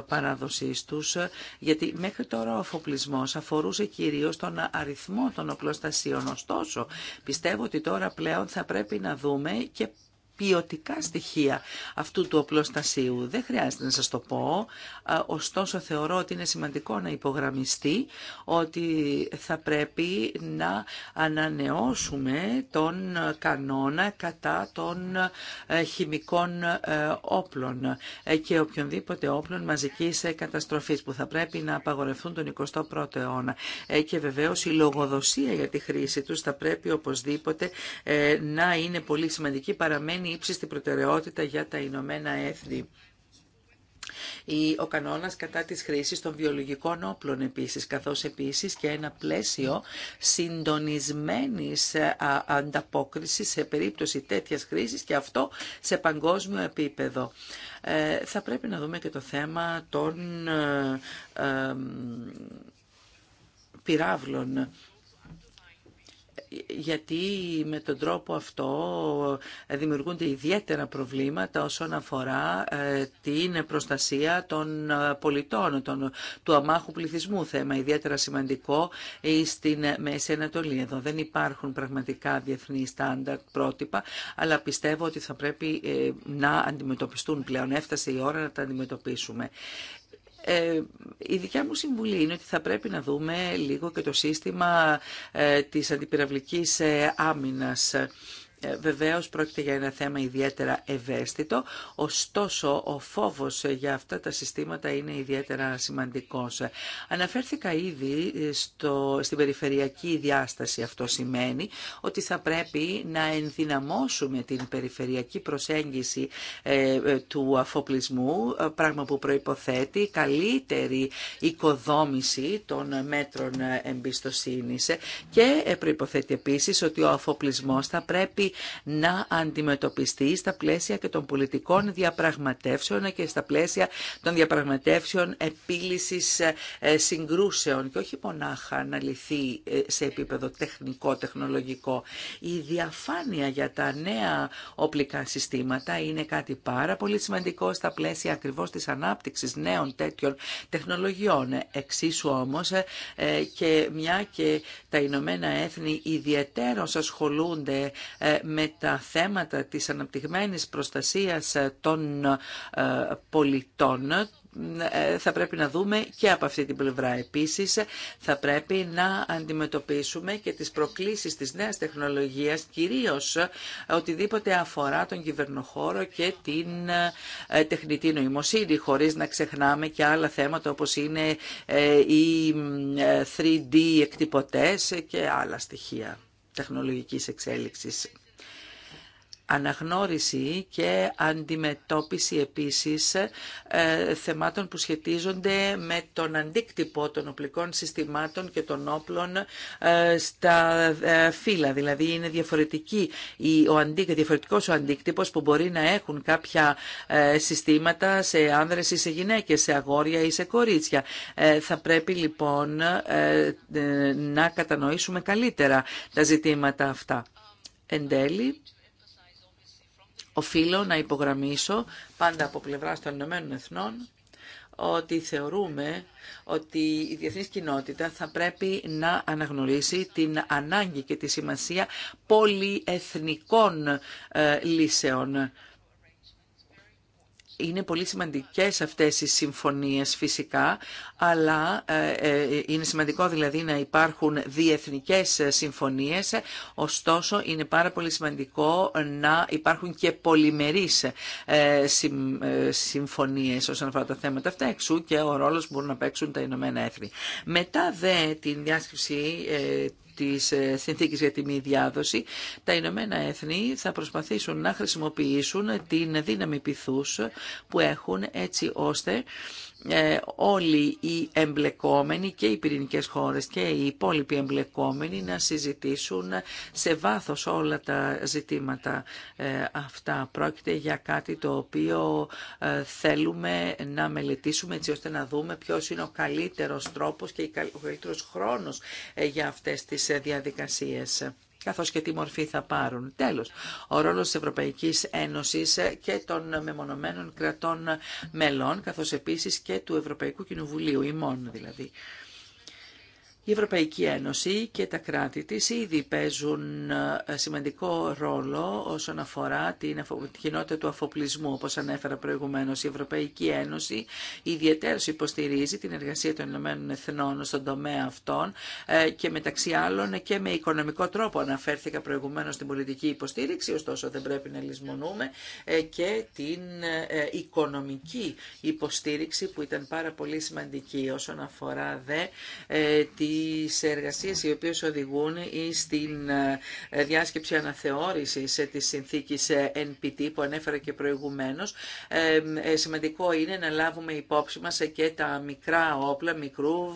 παράδοσής τους, γιατί μέχρι τώρα ο αφοπλισμός αφορούσε κυρίως τον αριθμό των οπλοστασίων. Ωστόσο, πιστεύω ότι τώρα πλέον θα πρέπει να δούμε και ποιοτικά στοιχεία αυτού του οπλοστασίου. Δεν χρειάζεται να σας το πω, ωστόσο θεωρώ ότι είναι σημαντικό να υπογραμμιστεί ότι θα πρέπει να ανανεώσουμε τον κανόνα κατά των ε, χημικών ε, όπλων ε, και οποιονδήποτε όπλων μαζικής καταστροφής που θα πρέπει να απαγορευτούν τον 21ο αιώνα. Και βεβαίως η λογοδοσία για τη χρήση τους θα πρέπει οπωσδήποτε να είναι πολύ σημαντική παραμένει είναι η προτεραιότητα για τα Ηνωμένα Έθνη. Ο κανόνας κατά της χρήσης των βιολογικών όπλων επίσης, καθώς επίσης και ένα πλαίσιο συντονισμένης ε, ανταπόκρισης σε περίπτωση τέτοιας χρήσης και αυτό σε παγκόσμιο επίπεδο. Ε, θα πρέπει να δούμε και το θέμα των ε, πυράβλων γιατί με τον τρόπο αυτό δημιουργούνται ιδιαίτερα προβλήματα όσον αφορά ε, την προστασία των ε, πολιτών, των, του αμάχου πληθυσμού θέμα, ιδιαίτερα σημαντικό ε, στην Μέση Ανατολή. Εδώ δεν υπάρχουν πραγματικά διεθνή στάνταρτ πρότυπα, αλλά πιστεύω ότι θα πρέπει να αντιμετωπιστούν πλέον. Έφτασε η ώρα να τα αντιμετωπίσουμε. Ε, η δικιά μου συμβουλή είναι ότι θα πρέπει να δούμε λίγο και το σύστημα ε, της αντιπυραυλικής ε, άμυνας ε, βεβαίως πρόκειται για ένα θέμα ιδιαίτερα ευαίσθητο, ωστόσο ο φόβος για αυτά τα συστήματα είναι ιδιαίτερα σημαντικός. Αναφέρθηκα ήδη ε, στο, στην περιφερειακή διάσταση. Αυτό σημαίνει ότι θα πρέπει να ενδυναμώσουμε την περιφερειακή προσέγγιση ε, του αφοπλισμού, πράγμα που προϋποθέτει καλύτερη οικοδόμηση των μέτρων εμπιστοσύνης και προϋποθέτει επίσης ότι ο αφοπλισμός θα πρέπει να αντιμετωπιστεί στα πλαίσια και των πολιτικών διαπραγματεύσεων και στα πλαίσια των διαπραγματεύσεων επίλυσης ε, ε, συγκρούσεων και όχι μονάχα να λυθεί ε, σε επίπεδο τεχνικό, τεχνολογικό. Η διαφάνεια για τα νέα οπλικά συστήματα είναι κάτι πάρα πολύ σημαντικό στα πλαίσια ακριβώς της ανάπτυξης νέων τέτοιων τεχνολογιών. Εξίσου όμως και μια και τα Ηνωμένα Έθνη ιδιαίτερως ασχολούνται με τα θέματα της αναπτυγμένης προστασίας των ε, πολιτών ε, θα πρέπει να δούμε και από αυτή την πλευρά. Επίσης, θα πρέπει να αντιμετωπίσουμε και τις προκλήσεις της νέας τεχνολογίας, κυρίως οτιδήποτε αφορά τον κυβερνοχώρο και την ε, τεχνητή νοημοσύνη, χωρίς να ξεχνάμε και άλλα θέματα όπως είναι οι 3D εκτυπωτές και άλλα στοιχεία τεχνολογικής εξέλιξης αναγνώριση και αντιμετώπιση επίσης ε, θεμάτων που σχετίζονται με τον αντίκτυπο των οπλικών συστημάτων και των όπλων ε, στα ε, φύλλα. Δηλαδή είναι διαφορετική, ο αντίκ, διαφορετικός ο αντίκτυπος που μπορεί να έχουν κάποια συστήματα σε άνδρες ή σε γυναίκες, σε αγόρια ή σε κορίτσια. Θα πρέπει λοιπόν να κατανοήσουμε καλύτερα τα ζητήματα αυτά. Εν τέλει, οφείλω να υπογραμμίσω πάντα από πλευρά των Ηνωμένων Εθνών ότι θεωρούμε ότι η διεθνής κοινότητα θα πρέπει να αναγνωρίσει την ανάγκη και τη σημασία πολυεθνικών ε, λύσεων είναι πολύ σημαντικές αυτές οι συμφωνίες φυσικά, αλλά ε, ε, είναι σημαντικό δηλαδή να υπάρχουν διεθνικές συμφωνίες, ωστόσο είναι πάρα πολύ σημαντικό να υπάρχουν και πολυμερείς ε, συμφωνίες όσον αφορά τα θέματα αυτά, εξού και ο ρόλος που μπορούν να παίξουν τα Ηνωμένα Έθνη. Μετά δε την διάσκεψη της ε, συνθήκης για τη μη διάδοση, τα Ηνωμένα Έθνη θα προσπαθήσουν να χρησιμοποιήσουν την δύναμη πυθούς που έχουν έτσι ώστε ε, όλοι οι εμπλεκόμενοι και οι πυρηνικές χώρες και οι υπόλοιποι εμπλεκόμενοι να συζητήσουν σε βάθος όλα τα ζητήματα ε, αυτά. Πρόκειται για κάτι το οποίο ε, θέλουμε να μελετήσουμε έτσι ώστε να δούμε ποιος είναι ο καλύτερος τρόπος και ο καλύτερος χρόνος για αυτές τις διαδικασίες καθώς και τι μορφή θα πάρουν. τέλο, ο ρόλο της Ευρωπαϊκής Ένωσης και των μεμονωμένων κρατών μελών, καθώς επίσης και του Ευρωπαϊκού Κοινοβουλίου, ημών δηλαδή. Η Ευρωπαϊκή Ένωση και τα κράτη της ήδη παίζουν ε, σημαντικό ρόλο όσον αφορά την κοινότητα του αφοπλισμού. Όπως ανέφερα προηγουμένως, η Ευρωπαϊκή Ένωση ιδιαίτερως υποστηρίζει την εργασία των Ηνωμένων Εθνών στον τομέα αυτών ε, και μεταξύ άλλων και με οικονομικό τρόπο αναφέρθηκα προηγουμένως στην πολιτική υποστήριξη, ωστόσο δεν πρέπει να λησμονούμε ε, και την οικονομική υποστήριξη που ήταν πάρα πολύ σημαντική όσον αφορά δε τις εργασίες οι οποίες οδηγούν ή στην ε, διάσκεψη αναθεώρησης ε, της συνθήκης NPT ε, που ανέφερα και προηγουμένως. Σημαντικό είναι να λάβουμε υπόψη μας και τα μικρά όπλα, μικρού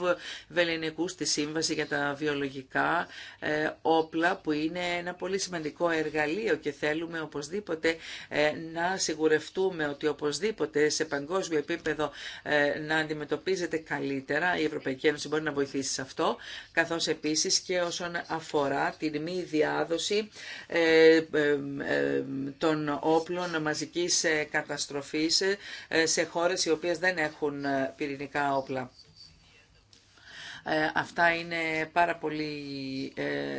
βελενικού στη Σύμβαση για τα βιολογικά όπλα που είναι ένα πολύ σημαντικό εργαλείο και θέλουμε οπωσδήποτε να σιγουρευτούμε ότι οπωσδήποτε σε παγκόσμιο επίπεδο να αντιμετωπίζεται καλύτερα. Η Ευρωπαϊκή Ένωση μπορεί να βοηθήσει σε αυτό αυτό, καθώς επίσης και όσον αφορά την μη διάδοση ε, ε, ε, των όπλων μαζικής καταστροφής σε χώρες οι οποίες δεν έχουν πυρηνικά όπλα. Αυτά είναι πάρα πολύ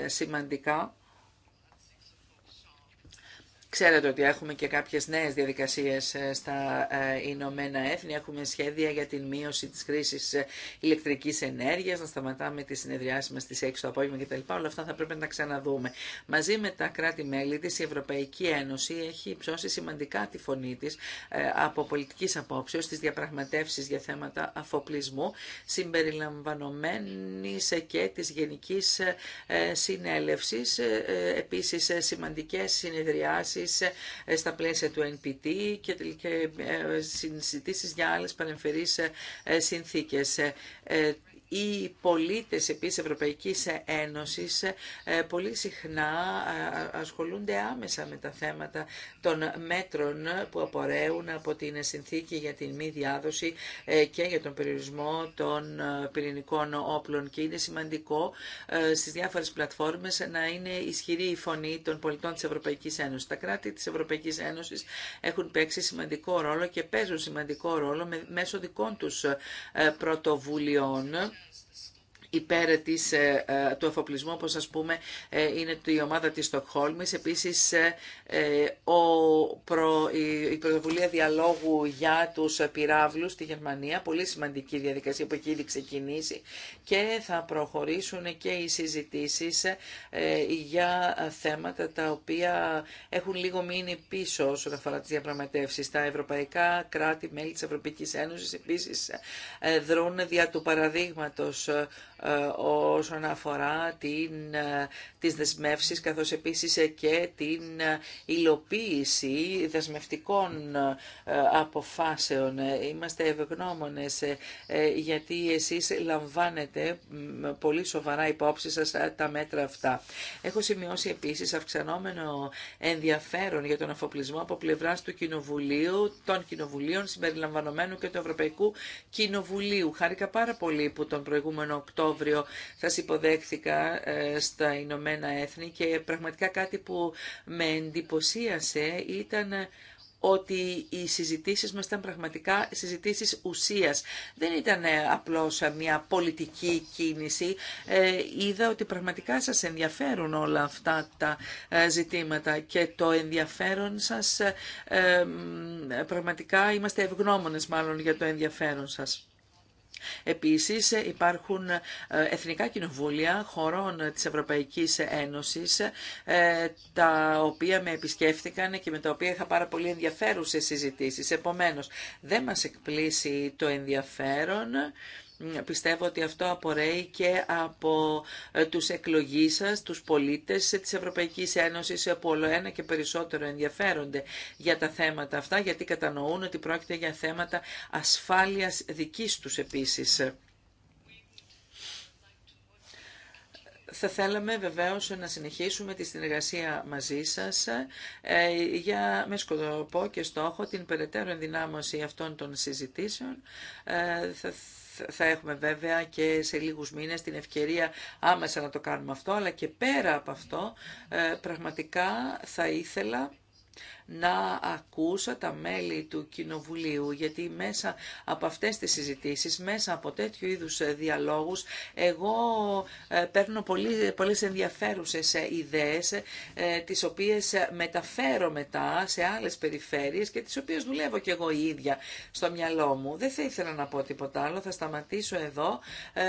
σημαντικά Ξέρετε ότι έχουμε και κάποιες νέες διαδικασίες ε, στα ε, Ηνωμένα Έθνη. Έχουμε σχέδια για την μείωση της χρήσης ε, ηλεκτρικής ενέργειας, να σταματάμε τις συνεδριάσεις μας στις 6 το απόγευμα κτλ. Όλα αυτά θα πρέπει να τα ξαναδούμε. Μαζί με τα κράτη-μέλη της, η Ευρωπαϊκή Ένωση έχει υψώσει σημαντικά τη φωνή της από πολιτικής απόψεως στις διαπραγματεύσεις για θέματα αφοπλισμού, συμπεριλαμβανομένης και της Γενικής Συνέλευσης. Επίσης, σημαντικές συνεδριάσεις συζητήσεις ε, στα πλαίσια του NPT και ε, συζητήσεις για άλλες πανεμφερείς ε, συνθήκες οι πολίτες επίσης Ευρωπαϊκής Ένωσης ε, πολύ συχνά ε, ασχολούνται άμεσα με τα θέματα των μέτρων που απορρέουν από την συνθήκη για την μη διάδοση ε, και για τον περιορισμό των πυρηνικών όπλων και είναι σημαντικό στις διάφορες πλατφόρμες να είναι ισχυρή η φωνή των πολιτών της Ευρωπαϊκής Ένωσης. Τα κράτη της Ευρωπαϊκής Ένωσης έχουν παίξει σημαντικό ρόλο και παίζουν σημαντικό ρόλο μέσω δικών τους πρωτοβουλειών υπέρ ε, ε, του εφοπλισμού, όπως ας πούμε ε, είναι η ομάδα της Στοκχόλμης. Επίσης, ο, προ, η, πρωτοβουλία διαλόγου για τους πυράβλους στη Γερμανία, πολύ σημαντική διαδικασία που έχει ήδη ξεκινήσει και θα προχωρήσουν και οι συζητήσεις για θέματα τα οποία έχουν λίγο μείνει πίσω όσον αφορά τις διαπραγματεύσεις. Τα ευρωπαϊκά κράτη, μέλη της Ευρωπαϊκής Ένωσης, επίσης δρούν δια του παραδείγματος ε, όσον αφορά την, ε, τις δεσμεύσεις καθώς επίσης ε, και την υλοποίηση δεσμευτικών αποφάσεων. Είμαστε ευγνώμονες γιατί εσείς λαμβάνετε πολύ σοβαρά υπόψη σας τα μέτρα αυτά. Έχω σημειώσει επίσης αυξανόμενο ενδιαφέρον για τον αφοπλισμό από πλευράς του Κοινοβουλίου, των Κοινοβουλίων συμπεριλαμβανομένου και του Ευρωπαϊκού Κοινοβουλίου. Χάρηκα πάρα πολύ που τον προηγούμενο Οκτώβριο θα σας υποδέχθηκα ε, στα Ηνωμένα Έθνη και πραγματικά κάτι που με εντυπωσίασε ήταν ε, ότι οι συζητήσεις μας ήταν πραγματικά συζητήσεις ουσίας. Δεν ήταν ε, απλώς μια πολιτική κίνηση. είδα ότι πραγματικά σας ενδιαφέρουν όλα αυτά τα ζητήματα και το ενδιαφέρον σας πραγματικά είμαστε ευγνώμονες μάλλον για το ενδιαφέρον σας. Επίσης υπάρχουν ε, εθνικά κοινοβούλια χωρών της Ευρωπαϊκής Ένωσης ε, τα οποία με επισκέφθηκαν και με τα οποία είχα πάρα πολύ ενδιαφέρουσες συζητήσεις. Επομένως, δεν μας εκπλήσει το ενδιαφέρον Πιστεύω ότι αυτό απορρέει και από ε, τους εκλογείς σας, τους πολίτες της Ευρωπαϊκής Ένωσης που όλο και περισσότερο ενδιαφέρονται για τα θέματα αυτά, γιατί κατανοούν ότι πρόκειται για θέματα ασφάλειας δικής τους επίσης. Θα θέλαμε βεβαίως να συνεχίσουμε τη συνεργασία μαζί σας ε, για, με σκοπό και στόχο την περαιτέρω ενδυνάμωση αυτών των συζητήσεων. Ε, θα έχουμε βέβαια και σε λίγους μήνες την ευκαιρία άμεσα να το κάνουμε αυτό, αλλά και πέρα από αυτό ε, πραγματικά θα ήθελα να ακούσω τα μέλη του Κοινοβουλίου, γιατί μέσα από αυτές τις συζητήσεις, μέσα από τέτοιου είδους ε, διαλόγους, εγώ ε, παίρνω πολύ, πολλές ενδιαφέρουσες ε, ιδέες, τις οποίες μεταφέρω μετά σε άλλες περιφέρειες και τις οποίες δουλεύω και εγώ η ίδια στο μυαλό μου. Δεν θα ήθελα να πω τίποτα άλλο, θα σταματήσω εδώ.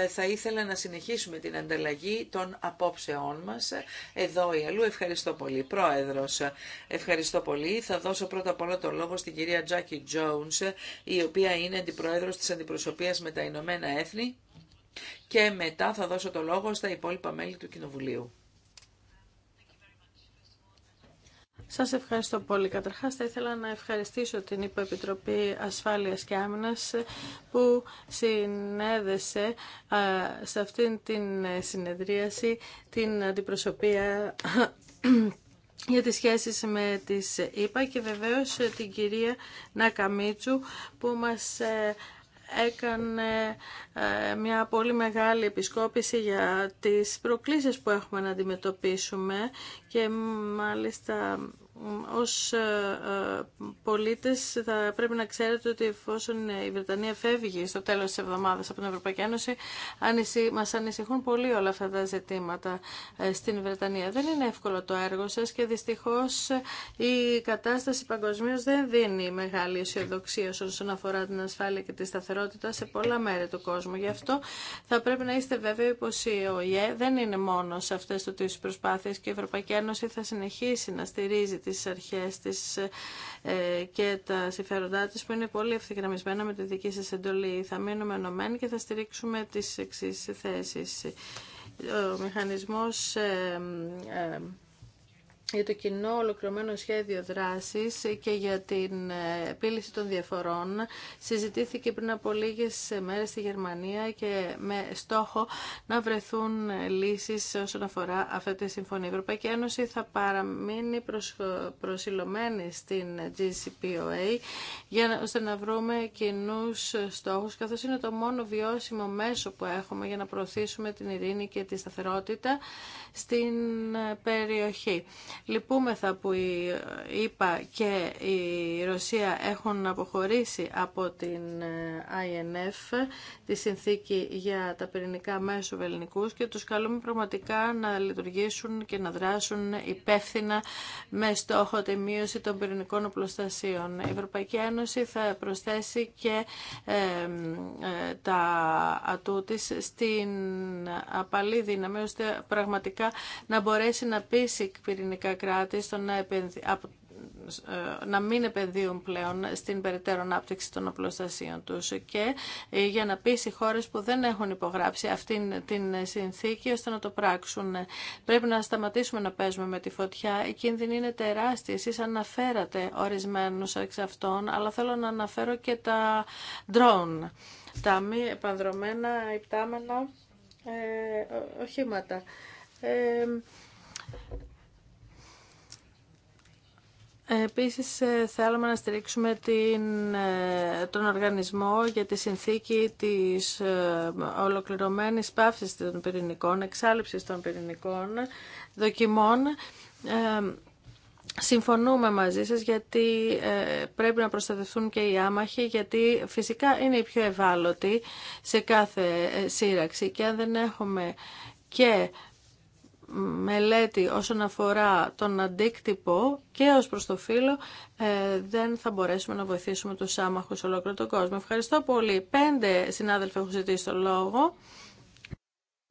Θα ήθελα να συνεχίσουμε την ανταλλαγή των απόψεών μας εδώ ή αλλού. Ευχαριστώ πολύ, Πρόεδρος. Ευχαριστώ πολύ. Θα δώσω πρώτα απ' όλα το λόγο στην κυρία Τζάκι Τζόουνς, η οποία είναι αντιπρόεδρος της Αντιπροσωπείας με τα Ηνωμένα Έθνη και μετά θα δώσω το λόγο στα υπόλοιπα μέλη του Κοινοβουλίου. Σας ευχαριστώ πολύ. Καταρχάς θα ήθελα να ευχαριστήσω την Υποεπιτροπή Ασφάλειας και Άμυνας που συνέδεσε σε αυτήν την συνεδρίαση την αντιπροσωπεία για τις σχέσεις με τις ΕΠΑ και βεβαίως ε, την κυρία Νακαμίτσου που μας ε, έκανε ε, μια πολύ μεγάλη επισκόπηση για τις προκλήσεις που έχουμε να αντιμετωπίσουμε και μάλιστα ως ε, ε, πολίτες θα πρέπει να ξέρετε ότι εφόσον ε, η Βρετανία φεύγει στο τέλος της εβδομάδας από την Ευρωπαϊκή Ένωση μας ανησυχούν πολύ όλα αυτά τα ζητήματα στην Βρετανία. Δεν είναι εύκολο το έργο σας και δυστυχώς η κατάσταση παγκοσμίω δεν δίνει μεγάλη αισιοδοξία όσον αφορά την ασφάλεια και τη σταθερότητα σε πολλά μέρη του κόσμου. Γι' αυτό θα πρέπει να είστε βέβαιοι πως η ΟΗΕ δεν είναι μόνο σε αυτές τις προσπάθειες και η Ευρωπαϊκή Ένωση θα συνεχίσει να στηρίζει τις αρχές της ε, και τα συμφέροντά της που είναι πολύ ευθυγραμμισμένα με τη δική σας εντολή. Θα μείνουμε ενωμένοι και θα στηρίξουμε τις εξής θέσεις. Ο μηχανισμός ε, ε, για το κοινό ολοκληρωμένο σχέδιο δράσης και για την ε, επίλυση των διαφορών συζητήθηκε πριν από λίγες μέρες στη Γερμανία και με στόχο να βρεθούν λύσεις όσον αφορά αυτή τη συμφωνία. Η Ευρωπαϊκή Ένωση θα παραμείνει προσιλωμένη στην GCPOA για, ώστε να βρούμε κοινού στόχους καθώς είναι το μόνο βιώσιμο μέσο που έχουμε για να προωθήσουμε την ειρήνη και τη σταθερότητα στην ε, περιοχή. Λυπούμεθα που η ΕΕ και η Ρωσία έχουν αποχωρήσει από την ε, INF, τη συνθήκη για τα πυρηνικά μέσου ελληνικούς και τους καλούμε πραγματικά να λειτουργήσουν και να δράσουν υπεύθυνα με στόχο τη μείωση των πυρηνικών οπλοστασίων. Η Ευρωπαϊκή Ένωση θα προσθέσει και ε, ε, τα ατού της στην απαλή δύναμη ώστε πραγματικά να μπορέσει να πείσει πυρηνικά κράτη στο να, ε, να μην επενδύουν πλέον στην περαιτέρω ανάπτυξη των οπλοστασίων τους και ε, για να πείσει χώρες που δεν έχουν υπογράψει αυτήν την συνθήκη ώστε να το πράξουν. Πρέπει να σταματήσουμε να παίζουμε με τη φωτιά. Η κίνδυνη είναι τεράστια. Εσείς αναφέρατε ορισμένους εξ αυτών, αλλά θέλω να αναφέρω και τα drone, τα μη επανδρομένα υπτάμενα ε, οχήματα. Επίσης ε, θέλουμε να στηρίξουμε την, ε, τον οργανισμό για τη συνθήκη της ε, ολοκληρωμένης πάυσης των πυρηνικών, εξάλληψης των πυρηνικών δοκιμών. Συμφωνούμε μαζί σας γιατί πρέπει να προστατευτούν και οι άμαχοι γιατί φυσικά είναι οι πιο ευάλωτοι σε κάθε σύραξη και αν δεν έχουμε και μελέτη όσον αφορά τον αντίκτυπο και ως προς το φύλλο ε, δεν θα μπορέσουμε να βοηθήσουμε τους άμαχους ολόκληρο τον κόσμο. Ευχαριστώ πολύ. Πέντε συνάδελφοι έχουν ζητήσει το λόγο.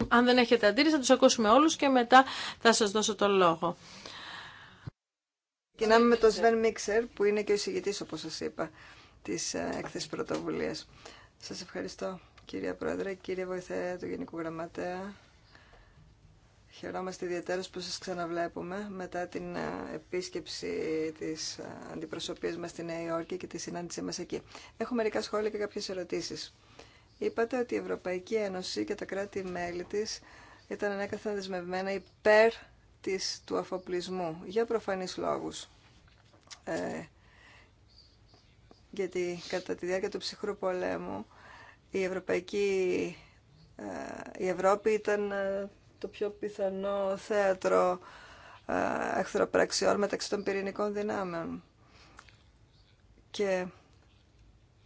Αν δεν έχετε αντίρρηση θα τους ακούσουμε όλους και μετά θα σας δώσω το λόγο. Κινάμε με τον Σβέν Μίξερ που είναι και ο εισηγητής, όπως σας είπα της ε, έκθεσης πρωτοβουλίας. Σας ευχαριστώ κυρία Πρόεδρε, κύριε Βοηθέα του Γενικού Γραμματέα Χαιρόμαστε ιδιαίτερα που σας ξαναβλέπουμε μετά την ε, επίσκεψη της ε, αντιπροσωπείας μας στη Νέα Υόρκη και τη συνάντησή μας εκεί. Έχω μερικά σχόλια και κάποιες ερωτήσεις. Είπατε ότι η Ευρωπαϊκή Ένωση και τα κράτη-μέλη της ήταν ανέκαθεν δεσμευμένα υπέρ της, του αφοπλισμού για προφανείς λόγους. Ε, γιατί κατά τη διάρκεια του ψυχρού πολέμου η Ευρωπαϊκή ε, η Ευρώπη ήταν το πιο πιθανό θέατρο ε, εχθροπραξιών μεταξύ των πυρηνικών δυνάμεων. Και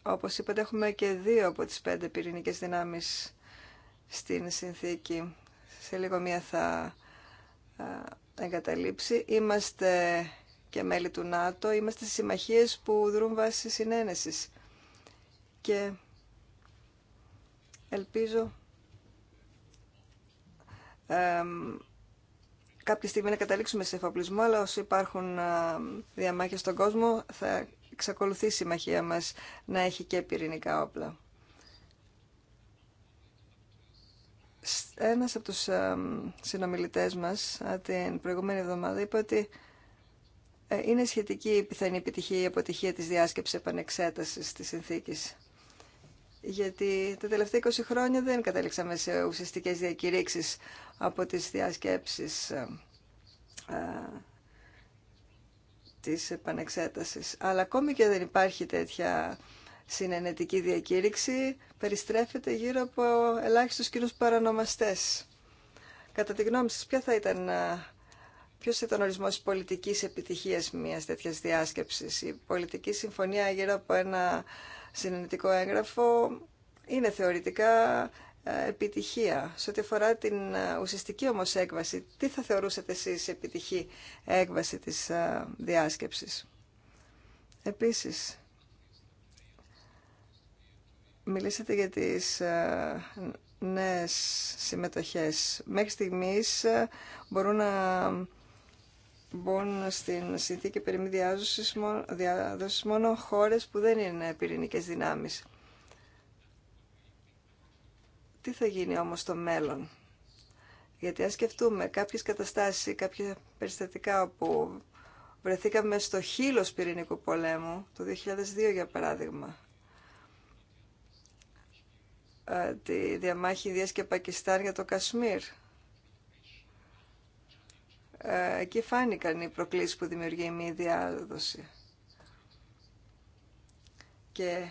όπως είπατε έχουμε και δύο από τις πέντε πυρηνικές δυνάμεις στην συνθήκη. Σε λίγο μία θα ε, εγκαταλείψει. Είμαστε και μέλη του ΝΑΤΟ, είμαστε συμμαχίες που δρούν βάσει συνένεσης. Και ελπίζω κάποια στιγμή να καταλήξουμε σε εφοπλισμό, αλλά όσοι υπάρχουν ε, διαμάχες στον κόσμο θα εξακολουθεί η συμμαχία μας να έχει και πυρηνικά όπλα. Ένας από τους συνομιλητές μας την προηγούμενη εβδομάδα είπε ότι ε, είναι σχετική η πιθανή επιτυχία ή αποτυχία της διάσκεψης επανεξέτασης της συνθήκης. Γιατί τα τελευταία 20 χρόνια δεν καταλήξαμε σε ουσιαστικές διακηρύξεις από τις διασκέψεις ε, ε, της επανεξέτασης. Αλλά ακόμη και δεν υπάρχει τέτοια συνενετική διακήρυξη, περιστρέφεται γύρω από ελάχιστους κοινούς παρανομαστές. Κατά τη γνώμη σας, ποια θα ήταν, ε, ποιος ήταν ο ορισμός της πολιτικής επιτυχίας μιας τέτοιας διάσκεψης. Η πολιτική συμφωνία γύρω από ένα συνενετικό έγγραφο είναι θεωρητικά ε, επιτυχία. Σε ό,τι αφορά την ε, ουσιαστική όμως έκβαση, τι θα θεωρούσατε εσείς επιτυχή έκβαση της ε, διάσκεψης. Επίσης, μιλήσατε για τις νέες συμμετοχές. Μέχρι στιγμής μπορούν να μπουν στην συνθήκη περί διάδοσης μόνο χώρες που δεν είναι πυρηνικές δυνάμεις. Τι θα γίνει όμως στο μέλλον. Γιατί αν σκεφτούμε κάποιες καταστάσεις ή κάποια περιστατικά όπου βρεθήκαμε στο χείλος πυρηνικού πολέμου, το 2002 για παράδειγμα, ε, τη διαμάχη Ινδίας και Πακιστάν για το Κασμίρ. Ε, εκεί φάνηκαν οι προκλήσεις που δημιουργεί η μη διάδοση. Και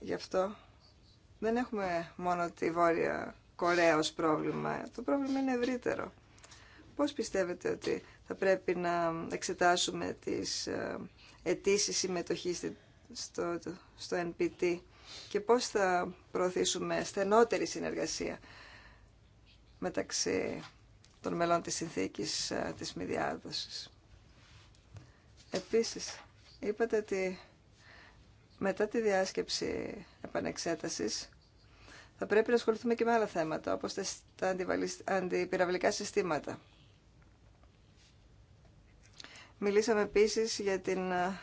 γι' αυτό δεν έχουμε μόνο τη Βόρεια Κορέα ως πρόβλημα. Το πρόβλημα είναι ευρύτερο. Πώς πιστεύετε ότι θα πρέπει να εξετάσουμε τις ε, αιτήσει συμμετοχής στο, στο NPT και πώς θα προωθήσουμε στενότερη συνεργασία μεταξύ των μελών της συνθήκης ε, της μη διάδοσης. Επίσης, είπατε ότι μετά τη διάσκεψη επανεξέτασης θα πρέπει να ασχοληθούμε και με άλλα θέματα, όπως τα αντιπυραυλικά συστήματα. Μιλήσαμε επίσης για την ε,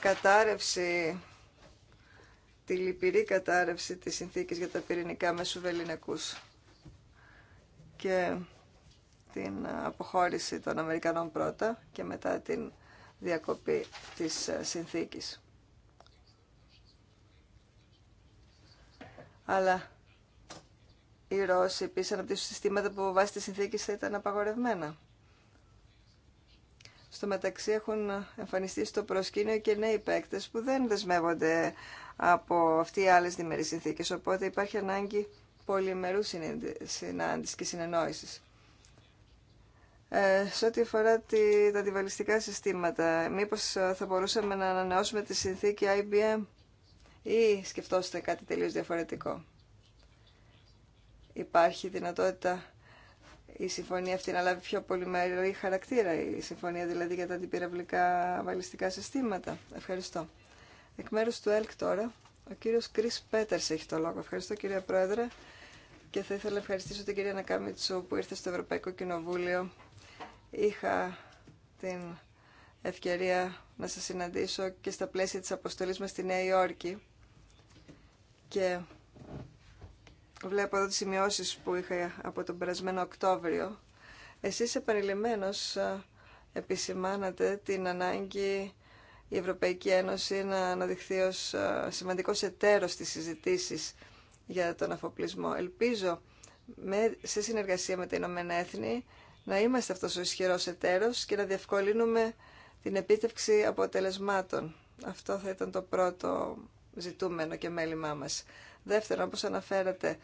κατάρρευση, τη λυπηρή κατάρρευση τη συνθήκης για τα πυρηνικά μεσουβεληνικούς και την ε, αποχώρηση των Αμερικανών πρώτα και μετά την διακοπή της ε, συνθήκης. αλλά οι Ρώσοι από τη συστήματα που βάσει τη συνθήκη θα ήταν απαγορευμένα. Στο μεταξύ έχουν εμφανιστεί στο προσκήνιο και νέοι παίκτε που δεν δεσμεύονται από αυτή οι άλλε διμερείς συνθήκε, οπότε υπάρχει ανάγκη πολυμερού συνάντηση και συνεννόησης. Ε, σε ό,τι αφορά τη, τα αντιβαλιστικά συστήματα, μήπως θα μπορούσαμε να ανανεώσουμε τη συνθήκη IBM ή σκεφτόσαστε κάτι τελείως διαφορετικό. Υπάρχει δυνατότητα η συμφωνία αυτή να λάβει πιο πολυμερή χαρακτήρα, η συμφωνία δηλαδή για τα αντιπυραυλικά βαλιστικά συστήματα. Ευχαριστώ. Εκ μέρους του ΕΛΚ τώρα, ο κύριος Κρίς Πέτερς έχει το λόγο. Ευχαριστώ κύριε Πρόεδρε και θα ήθελα να ευχαριστήσω την κυρία Νακάμιτσου που ήρθε στο Ευρωπαϊκό Κοινοβούλιο. Είχα την ευκαιρία να σας συναντήσω και στα πλαίσια της αποστολής μας στη Νέα Υόρκη και βλέπω εδώ τις σημειώσεις που είχα από τον περασμένο Οκτώβριο. Εσείς επανειλημμένως επισημάνατε την ανάγκη η Ευρωπαϊκή Ένωση να αναδειχθεί ως σημαντικός εταίρος στις συζητήσεις για τον αφοπλισμό. Ελπίζω με, σε συνεργασία με τα Ηνωμένα Έθνη να είμαστε αυτός ο ισχυρός εταίρος και να διευκολύνουμε την επίτευξη αποτελεσμάτων. Αυτό θα ήταν το πρώτο ζητούμενο και μέλημά μα. Δεύτερον, όπως αναφέρατε,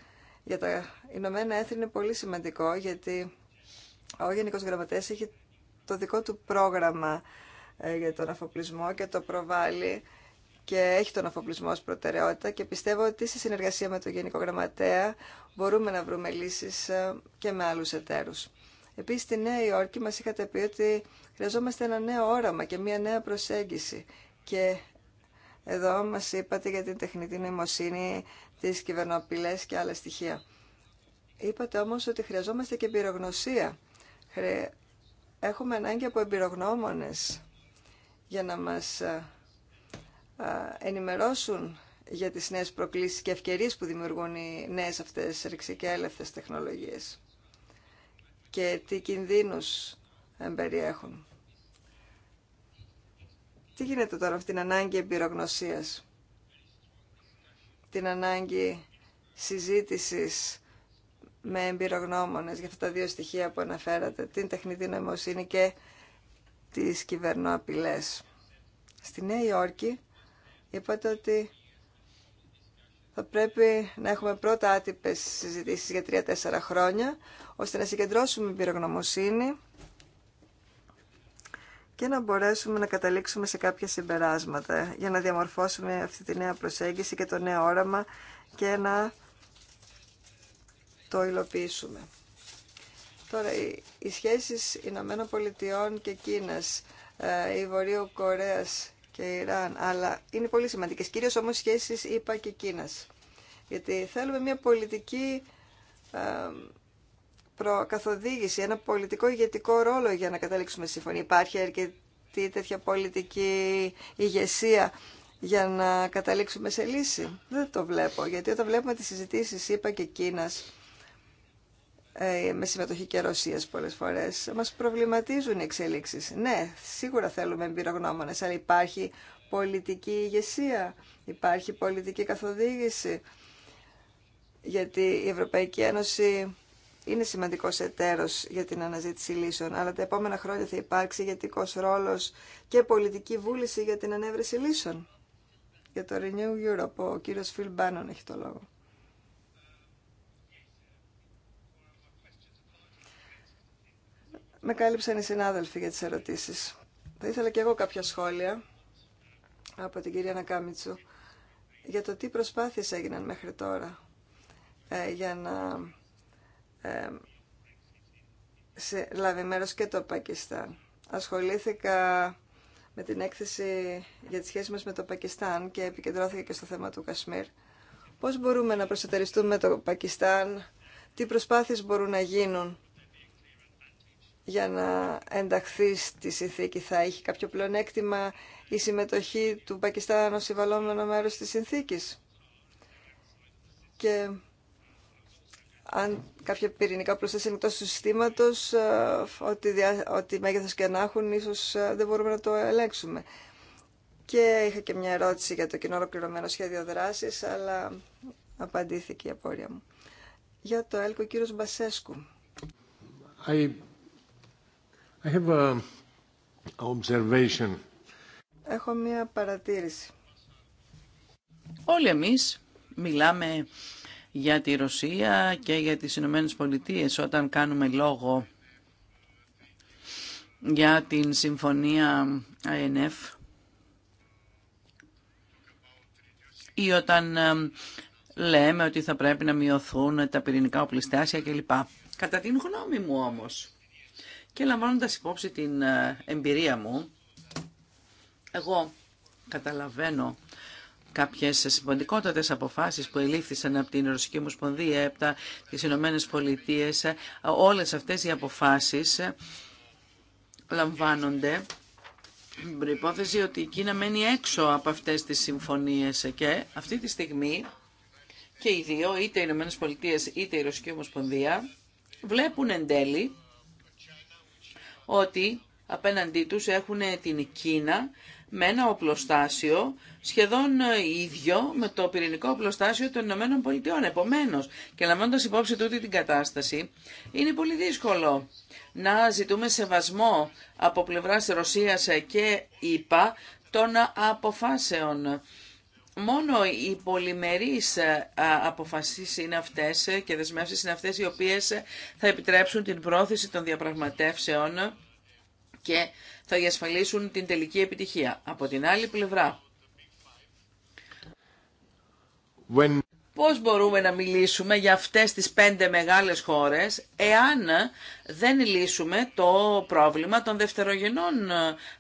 για τα Ηνωμένα Έθνη είναι πολύ σημαντικό γιατί ο Γενικός Γραμματέας έχει το δικό του πρόγραμμα ε, για τον αφοπλισμό και το προβάλλει και έχει τον αφοπλισμό ως προτεραιότητα και πιστεύω ότι σε συνεργασία με τον Γενικό Γραμματέα μπορούμε να βρούμε λύσεις ε, και με άλλους εταίρους. Επίσης στη Νέα Υόρκη μας είχατε πει ότι χρειαζόμαστε ένα νέο όραμα και μια νέα προσέγγιση και εδώ μας είπατε για την τεχνητή νοημοσύνη, τις κυβερνοπηλές και άλλα στοιχεία. Είπατε όμως ότι χρειαζόμαστε και εμπειρογνωσία. Έχουμε ανάγκη από εμπειρογνώμονες για να μας ε, ε, ενημερώσουν για τις νέες προκλήσεις και ευκαιρίες που δημιουργούν οι νέες αυτές ρηξικέλευτες τεχνολογίες και τι κινδύνους εμπεριέχουν. Τι γίνεται τώρα αυτήν την ανάγκη εμπειρογνωσίας, την ανάγκη συζήτηση με εμπειρογνώμονες για αυτά τα δύο στοιχεία που αναφέρατε, την τεχνητή νοημοσύνη και τις κυβερνοαπειλές. Στη Νέα Υόρκη είπατε ότι θα πρέπει να έχουμε πρώτα άτυπες συζητήσεις για τρία-τέσσερα χρόνια, ώστε να συγκεντρώσουμε εμπειρογνωμοσύνη και να μπορέσουμε να καταλήξουμε σε κάποια συμπεράσματα για να διαμορφώσουμε αυτή τη νέα προσέγγιση και το νέο όραμα και να το υλοποιήσουμε. Τώρα, οι σχέσεις Ηνωμένων Πολιτειών και Κίνας, ε, η Βορείου Κορέας και Ιράν, αλλά είναι πολύ σημαντικές, κυρίως όμως σχέσεις ΙΠΑ και Κίνας. Γιατί θέλουμε μια πολιτική ε, προκαθοδήγηση, ένα πολιτικό ηγετικό ρόλο για να καταλήξουμε στη συμφωνία. Υπάρχει αρκετή τέτοια πολιτική ηγεσία για να καταλήξουμε σε λύση. Δεν το βλέπω, γιατί όταν βλέπουμε τις συζητήσεις είπα και Κίνας, ε, με συμμετοχή και Ρωσίας πολλές φορές, μας προβληματίζουν οι εξελίξεις. Ναι, σίγουρα θέλουμε εμπειρογνώμονες, αλλά υπάρχει πολιτική ηγεσία, υπάρχει πολιτική καθοδήγηση, γιατί η Ευρωπαϊκή Ένωση είναι σημαντικός εταίρο για την αναζήτηση λύσεων, αλλά τα επόμενα χρόνια θα υπάρξει ηγετικό ρόλο και πολιτική βούληση για την ανέβρεση λύσεων. Για το Renew Europe, ο κύριο Φιλ Μπάνον έχει το λόγο. Με κάλυψαν οι συνάδελφοι για τις ερωτήσεις. Θα ήθελα και εγώ κάποια σχόλια από την κυρία Νακάμιτσου για το τι προσπάθειες έγιναν μέχρι τώρα ε, για να σε, λάβει δηλαδή, μέρος και το Πακιστάν. Ασχολήθηκα με την έκθεση για τις σχέσεις μας με το Πακιστάν και επικεντρώθηκα και στο θέμα του Κασμίρ. Πώς μπορούμε να προσετεριστούμε το Πακιστάν, τι προσπάθειες μπορούν να γίνουν για να ενταχθεί στη συνθήκη. Θα έχει κάποιο πλεονέκτημα η συμμετοχή του Πακιστάν ως συμβαλόμενο μέρος της συνθήκης αν κάποια πυρηνικά προσθέσεις είναι εκτός του συστήματος, ε, ότι, διά, ότι μέγεθος και να έχουν, ίσως ε, δεν μπορούμε να το ελέγξουμε. Και είχα και μια ερώτηση για το κοινό ολοκληρωμένο σχέδιο δράσης, αλλά απαντήθηκε η απόρρια μου. Για το ΕΛΚΟ, κύριος Μπασέσκου. I, I have a observation. Έχω μια παρατήρηση. Όλοι εμείς μιλάμε για τη Ρωσία και για τις Ηνωμένες Πολιτείες όταν κάνουμε λόγο για την συμφωνία INF ή όταν ε, λέμε ότι θα πρέπει να μειωθούν τα πυρηνικά οπλιστάσια κλπ. Κατά την γνώμη μου όμως και λαμβάνοντας υπόψη την ε, εμπειρία μου, εγώ καταλαβαίνω κάποιες σημαντικότατες αποφάσεις που ελήφθησαν από την Ρωσική Ομοσπονδία, από τις Ηνωμένες Πολιτείες, όλες αυτές οι αποφάσεις λαμβάνονται με υπόθεση ότι η Κίνα μένει έξω από αυτές τις συμφωνίες και αυτή τη στιγμή και οι δύο, είτε οι Ηνωμένες Πολιτείες είτε η Ρωσική Ομοσπονδία, βλέπουν εν τέλει ότι απέναντί τους έχουν την Κίνα με ένα οπλοστάσιο σχεδόν ε, ίδιο με το πυρηνικό οπλοστάσιο των Ηνωμένων Πολιτειών. Επομένως, και λαμβάνοντας υπόψη τούτη την κατάσταση, είναι πολύ δύσκολο να ζητούμε σεβασμό από πλευράς Ρωσίας και ΙΠΑ των αποφάσεων. Μόνο οι πολυμερείς ε, αποφασίσεις είναι αυτές και δεσμεύσεις είναι αυτές οι οποίες θα επιτρέψουν την πρόθεση των διαπραγματεύσεων και θα διασφαλίσουν την τελική επιτυχία. Από την άλλη πλευρά, When... πώς μπορούμε να μιλήσουμε για αυτές τις πέντε μεγάλες χώρες εάν δεν λύσουμε το πρόβλημα των δευτερογενών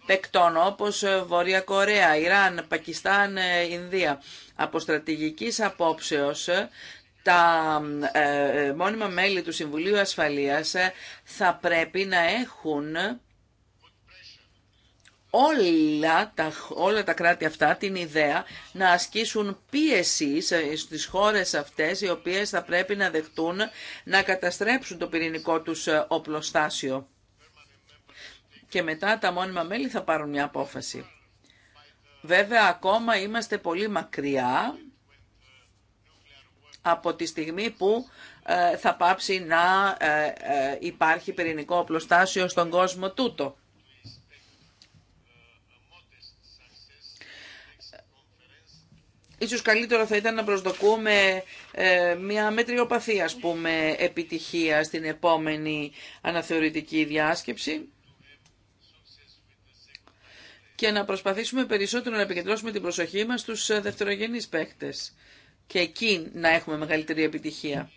παικτών όπως Βόρεια Κορέα, Ιράν, Πακιστάν, ε, Ινδία. Από στρατηγικής απόψεως τα ε, ε, μόνιμα μέλη του Συμβουλίου Ασφαλείας θα πρέπει να έχουν όλα τα, όλα τα κράτη αυτά την ιδέα να ασκήσουν πίεση ε, στις χώρες αυτές οι οποίες θα πρέπει να δεχτούν να καταστρέψουν το πυρηνικό τους ε, οπλοστάσιο. Και μετά τα μόνιμα μέλη θα πάρουν μια απόφαση. Βέβαια ακόμα είμαστε πολύ μακριά από τη στιγμή που ε, θα πάψει να υπάρχει πυρηνικό οπλοστάσιο στον κόσμο τούτο. Ίσως καλύτερο θα ήταν να προσδοκούμε ε, μια μετριοπαθή ας πούμε επιτυχία στην επόμενη αναθεωρητική διάσκεψη και να προσπαθήσουμε περισσότερο να επικεντρώσουμε την προσοχή μας στους ε, δευτερογενείς παίκτες και εκεί να έχουμε μεγαλύτερη επιτυχία.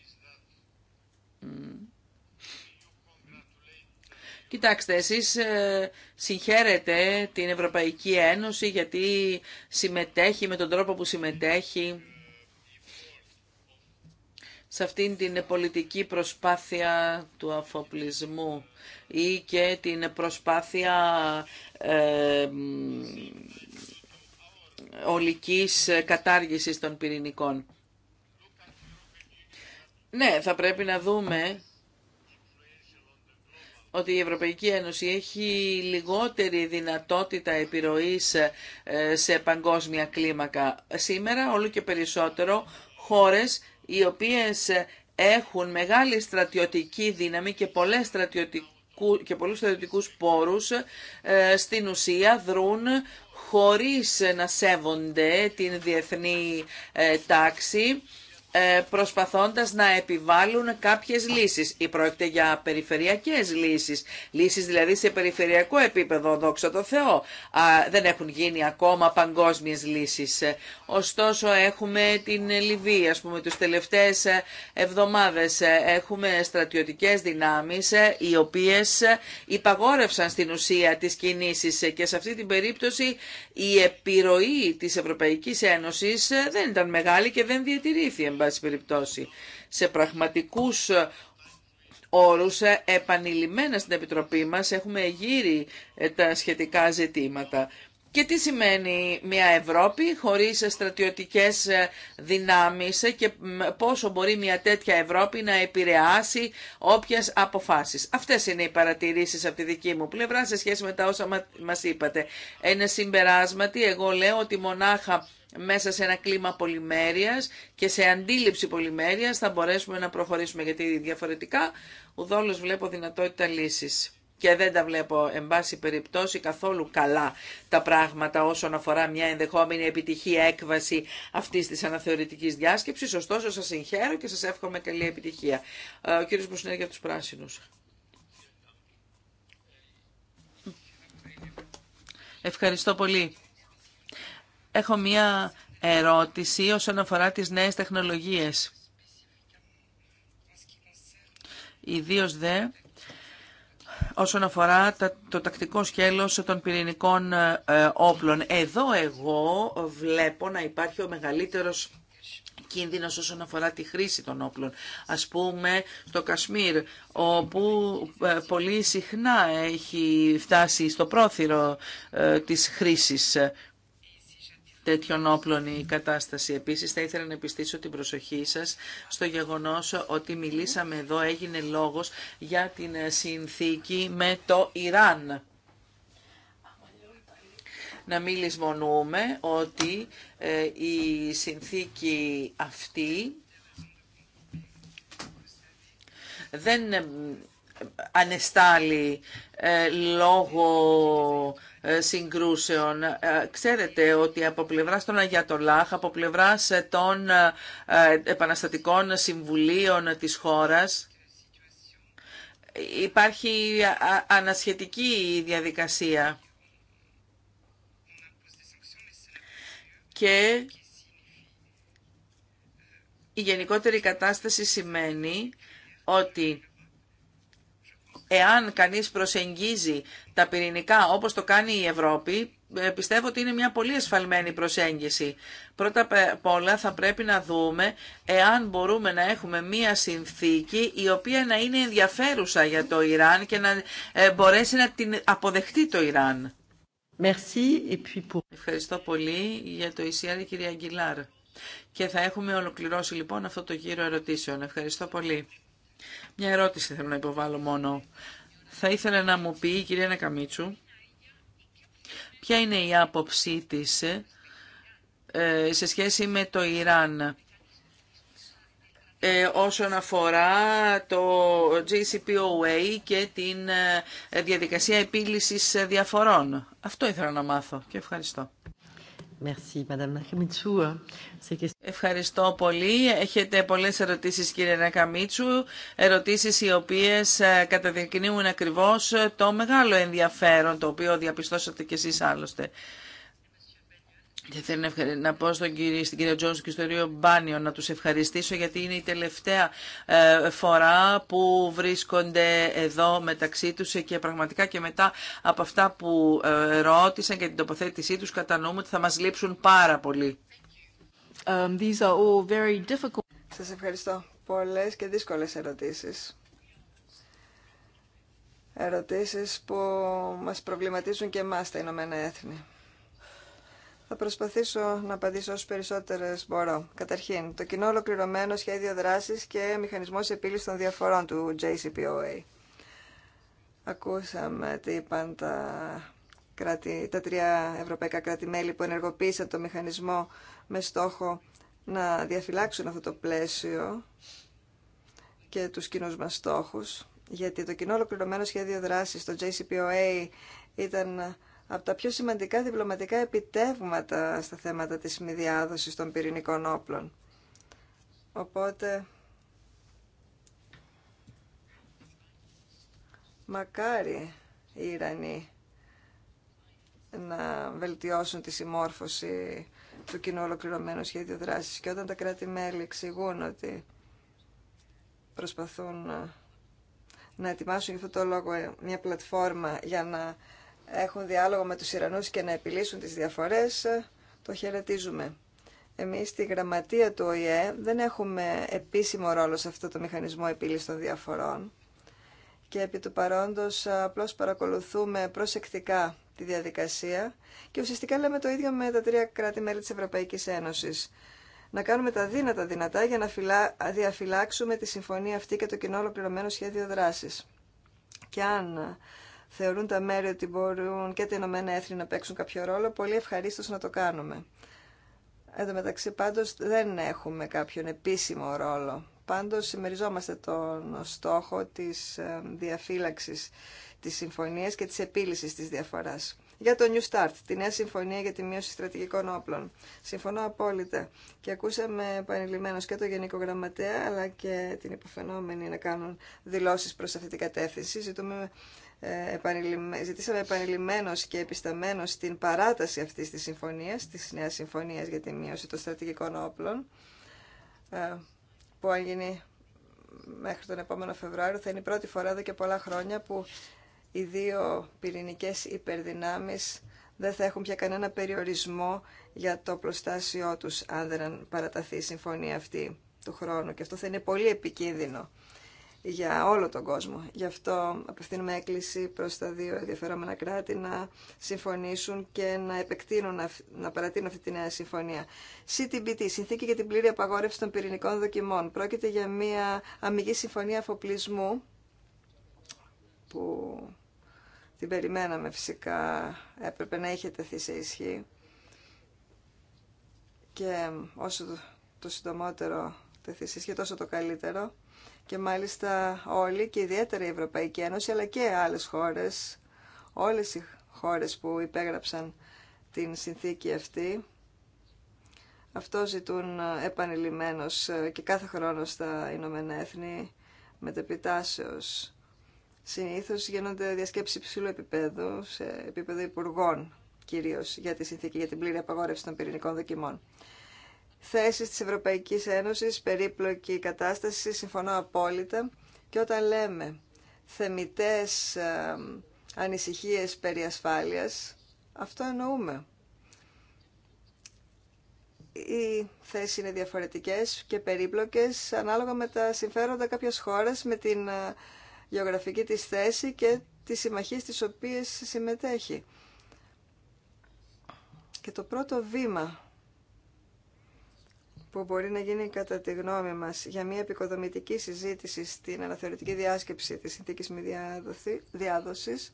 Κοιτάξτε, εσείς ε, συγχαίρετε την Ευρωπαϊκή Ένωση γιατί συμμετέχει με τον τρόπο που συμμετέχει σε αυτήν την πολιτική προσπάθεια του αφοπλισμού ή και την προσπάθεια ε, ολικής κατάργησης των πυρηνικών. Ναι, θα πρέπει να δούμε ότι η Ευρωπαϊκή Ένωση έχει λιγότερη δυνατότητα επιρροής ε, σε παγκόσμια κλίμακα. Σήμερα όλο και περισσότερο χώρες οι οποίες έχουν μεγάλη στρατιωτική δύναμη και πολλές στρατιωτικές και πολλούς στρατιωτικούς πόρους ε, στην ουσία δρούν χωρίς να σέβονται την διεθνή ε, τάξη ε, προσπαθώντας να επιβάλλουν κάποιες λύσεις. Ή πρόκειται για περιφερειακές λύσεις, λύσεις δηλαδή σε περιφερειακό επίπεδο, δόξα τω Θεώ. δεν έχουν γίνει ακόμα παγκόσμιες λύσεις. Ε, ωστόσο έχουμε την Λιβύη, ας πούμε, τους τελευταίες ε, εβδομάδες έχουμε στρατιωτικές δυνάμεις οι οποίες υπαγόρευσαν στην ουσία τις κινήσεις και σε αυτή την περίπτωση η επιρροή της Ευρωπαϊκής Ένωσης δεν ήταν μεγάλη και δεν διατηρήθηκε περιπτώσει. Σε πραγματικούς όρους ε, επανειλημμένα στην Επιτροπή μας έχουμε γύρει ε, τα σχετικά ζητήματα. Και τι σημαίνει μια Ευρώπη χωρίς στρατιωτικές ε, δυνάμεις και πόσο μπορεί μια τέτοια Ευρώπη να επηρεάσει όποιες αποφάσεις. Αυτές είναι οι παρατηρήσεις από τη δική μου πλευρά σε σχέση με τα όσα μας είπατε. Ένα συμπεράσματι εγώ λέω ότι μονάχα μέσα σε ένα κλίμα πολυμέρειας και σε αντίληψη πολυμέρειας θα μπορέσουμε να προχωρήσουμε γιατί διαφορετικά ουδόλως βλέπω δυνατότητα λύσης. Και δεν τα βλέπω, εν πάση περιπτώσει, καθόλου καλά τα πράγματα όσον αφορά μια ενδεχόμενη επιτυχία έκβαση αυτή τη αναθεωρητική διάσκεψης. Ωστόσο, σα συγχαίρω και σα εύχομαι καλή επιτυχία. Ε, ο κύριο Μπουσνέρ για του Πράσινου. Ευχαριστώ πολύ. Έχω μία ερώτηση όσον αφορά τις νέες τεχνολογίες. Ιδίως δε όσον αφορά το τακτικό σκέλος των πυρηνικών ε, όπλων. Εδώ εγώ βλέπω να υπάρχει ο μεγαλύτερος κίνδυνος όσον αφορά τη χρήση των όπλων. Ας πούμε στο Κασμίρ, όπου ε, πολύ συχνά έχει φτάσει στο πρόθυρο ε, της χρήσης τέτοιων όπλων η κατάσταση. Επίσης θα ήθελα να επιστήσω την προσοχή σας στο γεγονός ότι μιλήσαμε εδώ, έγινε λόγος για την συνθήκη με το Ιράν. Να μην λησμονούμε ότι ε, η συνθήκη αυτή δεν ανεστάλει ε, λόγω ε, συγκρούσεων. Ε, ξέρετε ότι από πλευράς των Αγιατολάχ, από πλευράς των επαναστατικών συμβουλίων της χώρας, υπάρχει ανασχετική διαδικασία. Και η γενικότερη κατάσταση σημαίνει ότι εάν κανείς προσεγγίζει τα πυρηνικά όπως το κάνει η Ευρώπη, ε, πιστεύω ότι είναι μια πολύ ασφαλμένη προσέγγιση. Πρώτα απ' όλα θα πρέπει να δούμε εάν μπορούμε να έχουμε μια συνθήκη η οποία να είναι ενδιαφέρουσα για το Ιράν και να ε, μπορέσει να την αποδεχτεί το Ιράν. Merci. Et Ευχαριστώ πολύ για το Ισιάρη κυρία Αγγιλάρ. Και θα έχουμε ολοκληρώσει λοιπόν αυτό το γύρο ερωτήσεων. Ευχαριστώ πολύ. Μια ερώτηση θέλω να υποβάλω μόνο. Θα ήθελα να μου πει η κυρία Νακαμίτσου ποια είναι η άποψή της ε, σε σχέση με το Ιράν ε, όσον αφορά το JCPOA και την ε, διαδικασία επίλυσης διαφορών. Αυτό ήθελα να μάθω και ευχαριστώ. Ευχαριστώ πολύ. Έχετε πολλές ερωτήσεις κύριε Νακαμίτσου, ερωτήσεις οι οποίες ε, καταδεικνύουν ακριβώς το μεγάλο ενδιαφέρον το οποίο διαπιστώσατε κι εσείς άλλωστε. Και θέλω να πω στον κύριο, στην κυρία και στον κύριο Μπάνιο να τους ευχαριστήσω γιατί είναι η τελευταία ε, φορά που βρίσκονται εδώ μεταξύ τους και πραγματικά και μετά από αυτά που ε, ρώτησαν και την τοποθέτησή τους κατανοούμε ότι θα μας λείψουν πάρα πολύ. Um, these are all very difficult. Σας ευχαριστώ. Πολλές και δύσκολες ερωτήσεις. Ερωτήσεις που μας προβληματίζουν και εμάς τα Ηνωμένα Έθνη. Θα προσπαθήσω να απαντήσω όσε περισσότερε μπορώ. Καταρχήν, το κοινό ολοκληρωμένο σχέδιο δράση και μηχανισμό επίλυση των διαφορών του JCPOA. Ακούσαμε τι είπαν τα, τα τρία ευρωπαϊκά κράτη-μέλη που ενεργοποίησαν το μηχανισμό με στόχο να διαφυλάξουν αυτό το πλαίσιο και τους κοινού μας στόχους, γιατί το κοινό ολοκληρωμένο σχέδιο δράσης, το JCPOA, ήταν από τα πιο σημαντικά διπλωματικά επιτεύγματα στα θέματα της μη διάδοσης των πυρηνικών όπλων. Οπότε, μακάρι οι Ιρανοί να βελτιώσουν τη συμμόρφωση του κοινού ολοκληρωμένου σχέδιου δράσης και όταν τα κράτη-μέλη εξηγούν ότι προσπαθούν να ετοιμάσουν για αυτό το λόγο ε, μια πλατφόρμα για να έχουν διάλογο με τους Ιρανούς και να επιλύσουν τις διαφορές, το χαιρετίζουμε. Εμείς στη γραμματεία του ΟΗΕ δεν έχουμε επίσημο ρόλο σε αυτό το μηχανισμό επίλυσης των διαφορών και επί του παρόντος απλώς παρακολουθούμε προσεκτικά τη διαδικασία και ουσιαστικά λέμε το ίδιο με τα τρία κράτη-μέλη της Ευρωπαϊκής Ένωσης. Να κάνουμε τα δύνατα δυνατά για να διαφυλάξουμε τη συμφωνία αυτή και το κοινό ολοκληρωμένο σχέδιο δράσης. Και αν θεωρούν τα μέρη ότι μπορούν και τα Ηνωμένα Έθνη να παίξουν κάποιο ρόλο, πολύ ευχαρίστως να το κάνουμε. Εν τω μεταξύ πάντως δεν έχουμε κάποιον επίσημο ρόλο. Πάντως συμμεριζόμαστε τον στόχο της ε, διαφύλαξης της συμφωνίας και της επίλυσης της διαφοράς. Για το New Start, τη νέα συμφωνία για τη μείωση στρατηγικών όπλων. Συμφωνώ απόλυτα και ακούσαμε επανειλημμένως και το Γενικό Γραμματέα αλλά και την υποφαινόμενη να κάνουν δηλώσει προ αυτή την κατεύθυνση. Ζητούμε ε, ζητήσαμε επανειλημμένως και επισταμένως την παράταση αυτής της συμφωνίας, της νέας συμφωνίας για τη μείωση των στρατηγικών όπλων, ε, που αν γίνει μέχρι τον επόμενο Φεβρουάριο θα είναι η πρώτη φορά εδώ και πολλά χρόνια που οι δύο πυρηνικές υπερδυνάμεις δεν θα έχουν πια κανένα περιορισμό για το προστάσιό τους αν δεν παραταθεί η συμφωνία αυτή του χρόνου και αυτό θα είναι πολύ επικίνδυνο για όλο τον κόσμο. Γι' αυτό απευθύνουμε έκκληση προς τα δύο ενδιαφερόμενα κράτη να συμφωνήσουν και να επεκτείνουν, να παρατείνουν αυτή τη νέα συμφωνία. CTBT, Συνθήκη για την πλήρη απαγόρευση των πυρηνικών δοκιμών. Πρόκειται για μια αμυγή συμφωνία αφοπλισμού που την περιμέναμε φυσικά, έπρεπε να είχε τεθεί σε ισχύ και όσο το συντομότερο τεθεί σε ισχύ τόσο το καλύτερο και μάλιστα όλοι και ιδιαίτερα η Ευρωπαϊκή Ένωση αλλά και άλλες χώρες, όλες οι χώρες που υπέγραψαν την συνθήκη αυτή. Αυτό ζητούν επανειλημμένως ε, και κάθε χρόνο στα Ηνωμένα Έθνη μετεπιτάσεως. Συνήθως γίνονται διασκέψεις υψηλού επίπεδου, σε επίπεδο υπουργών κυρίως για τη συνθήκη για την πλήρη απαγόρευση των πυρηνικών δοκιμών θέσεις της Ευρωπαϊκής Ένωσης, περίπλοκη κατάσταση, συμφωνώ απόλυτα. Και όταν λέμε θεμητές ε, ανησυχίες περί ασφάλειας, αυτό εννοούμε. Οι θέσεις είναι διαφορετικές και περίπλοκες ανάλογα με τα συμφέροντα κάποιας χώρας, με την ε, γεωγραφική της θέση και τις συμμαχίες τις οποίες συμμετέχει. Και το πρώτο βήμα που μπορεί να γίνει κατά τη γνώμη μας για μια επικοδομητική συζήτηση στην αναθεωρητική διάσκεψη της συνθήκης μη διάδοσης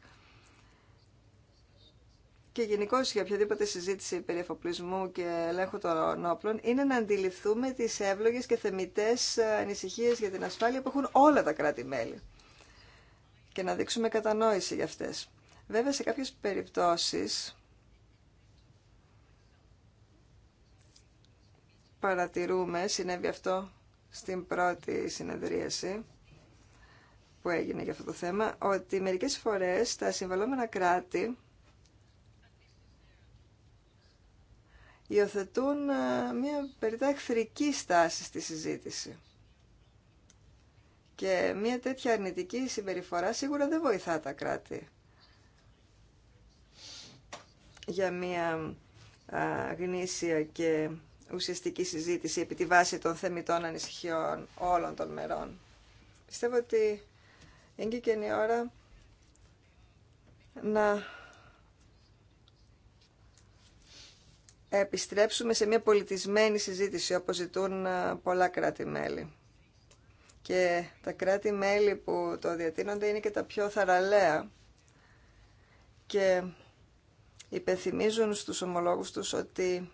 και γενικώ για οποιαδήποτε συζήτηση περί εφοπλισμού και ελέγχου των όπλων είναι να αντιληφθούμε τις εύλογες και θεμητές ανησυχίες για την ασφάλεια που έχουν όλα τα κράτη-μέλη και να δείξουμε κατανόηση για αυτές. Βέβαια σε κάποιες περιπτώσεις παρατηρούμε, συνέβη αυτό στην πρώτη συνεδρίαση που έγινε για αυτό το θέμα, ότι μερικές φορές τα συμβαλόμενα κράτη υιοθετούν ε, μια περιτά εχθρική στάση στη συζήτηση. Και μια τέτοια αρνητική συμπεριφορά σίγουρα δεν βοηθά τα κράτη για μια γνήσια και ουσιαστική συζήτηση επί τη βάση των θεμητών ανησυχιών όλων των μερών. Πιστεύω ότι είναι η ώρα να επιστρέψουμε σε μια πολιτισμένη συζήτηση όπως ζητούν ε, πολλά κράτη-μέλη. Και τα κράτη-μέλη που το διατείνονται είναι και τα πιο θαραλέα και υπενθυμίζουν στους ομολόγους τους ότι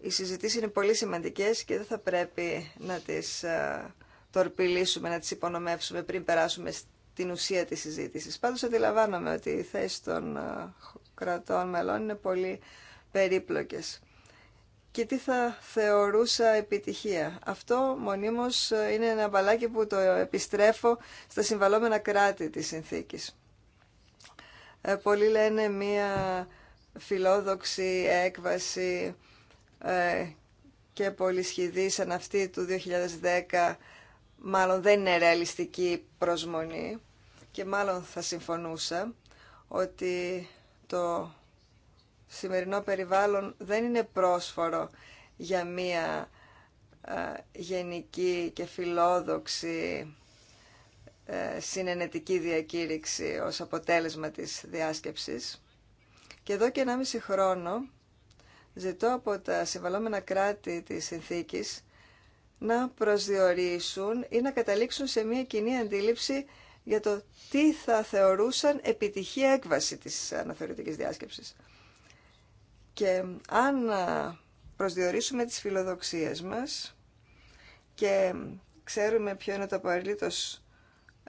οι συζητήσει είναι πολύ σημαντικέ και δεν θα πρέπει να τις ε, τορπιλήσουμε, να τις υπονομεύσουμε πριν περάσουμε στην ουσία της συζήτησης. Πάντως αντιλαμβάνομαι ότι οι θέσει των ε, κρατών μελών είναι πολύ περίπλοκες. Και τι θα θεωρούσα επιτυχία. Αυτό μονίμως είναι ένα μπαλάκι που το επιστρέφω στα συμβαλόμενα κράτη της συνθήκης. Ε, πολλοί λένε μία φιλόδοξη έκβαση ε, και πολυσχηδή σαν αυτή του 2010 μάλλον δεν είναι ρεαλιστική προσμονή και μάλλον θα συμφωνούσα ότι το σημερινό περιβάλλον δεν είναι πρόσφορο για μία ε, γενική και φιλόδοξη ε, συνενετική διακήρυξη ως αποτέλεσμα της διάσκεψης. Και εδώ και 1,5 χρόνο ζητώ από τα συμβαλόμενα κράτη της συνθήκης να προσδιορίσουν ή να καταλήξουν σε μια κοινή αντίληψη για το τι θα θεωρούσαν επιτυχή έκβαση της αναθεωρητικής διάσκεψης. Και αν προσδιορίσουμε τις φιλοδοξίες μας και ξέρουμε ποιο είναι το απαραίτητος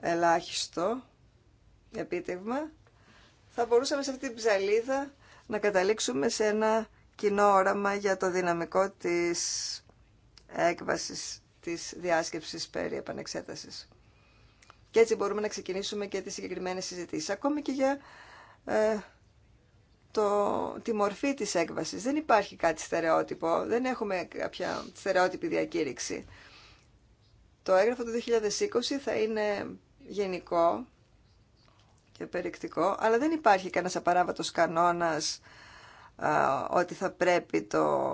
ελάχιστο επίτευγμα, θα μπορούσαμε σε αυτή την ψαλίδα να καταλήξουμε σε ένα κοινό όραμα για το δυναμικό της έκβασης της διάσκεψης περί επανεξέτασης. Και έτσι μπορούμε να ξεκινήσουμε και τις συγκεκριμένες συζητήσεις, ακόμη και για ε, το, τη μορφή της έκβασης. Δεν υπάρχει κάτι στερεότυπο, δεν έχουμε κάποια στερεότυπη διακήρυξη. Το έγγραφο του 2020 θα είναι γενικό και περιεκτικό, αλλά δεν υπάρχει κανένας απαράβατος κανόνας ότι θα πρέπει το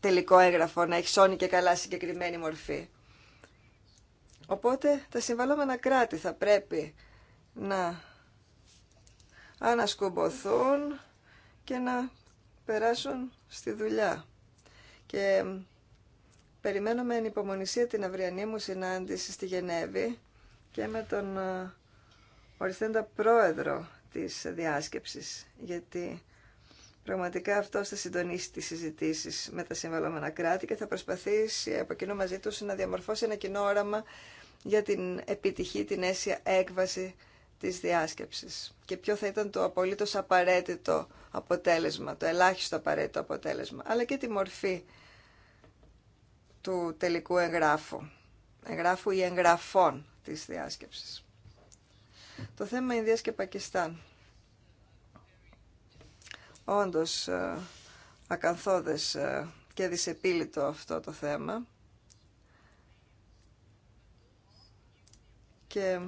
τελικό έγγραφο να έχει σώνει και καλά συγκεκριμένη μορφή. Οπότε τα συμβαλόμενα κράτη θα πρέπει να ανασκουμποθούν και να περάσουν στη δουλειά. Και περιμένω με ανυπομονησία την αυριανή μου συνάντηση στη Γενέβη και με τον οριθέντα πρόεδρο της διάσκεψης, γιατί Πραγματικά αυτό θα συντονίσει τι συζητήσει με τα συμβαλόμενα κράτη και θα προσπαθήσει από κοινού μαζί του να διαμορφώσει ένα κοινό όραμα για την επιτυχή, την αίσια έκβαση τη διάσκεψη. Και ποιο θα ήταν το απολύτω απαραίτητο αποτέλεσμα, το ελάχιστο απαραίτητο αποτέλεσμα, αλλά και τη μορφή του τελικού εγγράφου, εγγράφου ή εγγραφών της διάσκεψης. Το θέμα Ινδίας και Πακιστάν όντως ε, ακαθόδες ε, και δυσεπίλητο αυτό το θέμα και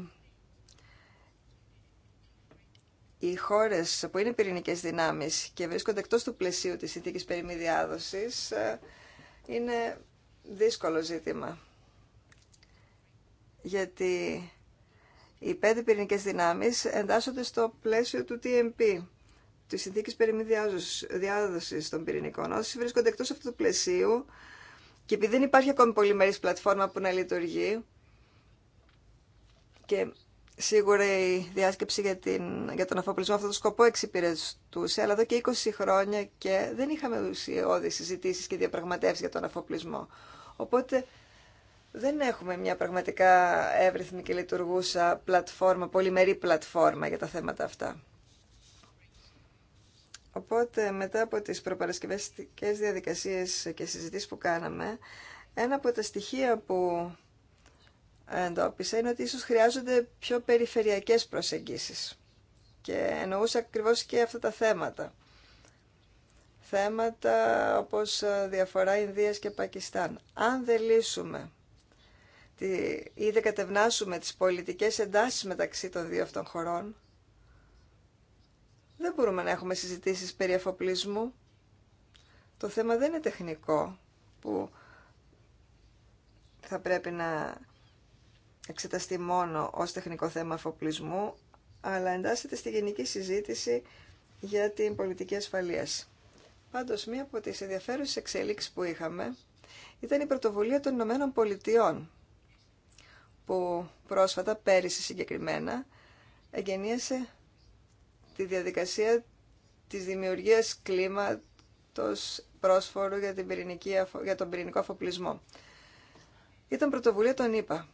οι χώρες που είναι πυρηνικές δυνάμεις και βρίσκονται εκτός του πλαισίου της συνθήκης περί ε, είναι δύσκολο ζήτημα. Γιατί οι πέντε πυρηνικές δυνάμεις εντάσσονται στο πλαίσιο του TMP οι συνθήκε περί μη διάδοση των πυρηνικών. Όσοι βρίσκονται εκτό αυτού του πλαισίου και επειδή δεν υπάρχει ακόμη πολυμερή πλατφόρμα που να λειτουργεί και σίγουρα η διάσκεψη για, την, για τον αφοπλισμό αυτό το σκοπό εξυπηρετούσε, αλλά εδώ και 20 χρόνια και δεν είχαμε ουσιώδει συζητήσει και διαπραγματεύσει για τον αφοπλισμό. Οπότε δεν έχουμε μια πραγματικά εύρυθμη και λειτουργούσα πλατφόρμα, πολυμερή πλατφόρμα για τα θέματα αυτά. Οπότε μετά από τις προπαρασκευαστικές διαδικασίες και συζητήσεις που κάναμε, ένα από τα στοιχεία που εντόπισα είναι ότι ίσως χρειάζονται πιο περιφερειακές προσεγγίσεις. Και εννοούσα ακριβώς και αυτά τα θέματα. Θέματα όπως ε, διαφορά Ινδίας και Πακιστάν. Αν δεν λύσουμε ή δεν κατευνάσουμε τις πολιτικές εντάσεις μεταξύ των δύο αυτών χωρών, δεν μπορούμε να έχουμε συζητήσεις περί εφοπλισμού. Το θέμα δεν είναι τεχνικό που θα πρέπει να εξεταστεί μόνο ως τεχνικό θέμα εφοπλισμού, αλλά εντάσσεται στη γενική συζήτηση για την πολιτική ασφαλείας. Πάντως, μία από τις ενδιαφέρουσες εξελίξεις που είχαμε ήταν η πρωτοβουλία των Ηνωμένων Πολιτειών, που πρόσφατα, πέρυσι συγκεκριμένα, εγγενίασε τη διαδικασία της δημιουργίας κλίματος πρόσφορου για, την για τον πυρηνικό αφοπλισμό. Ήταν πρωτοβουλία των ΗΠΑ.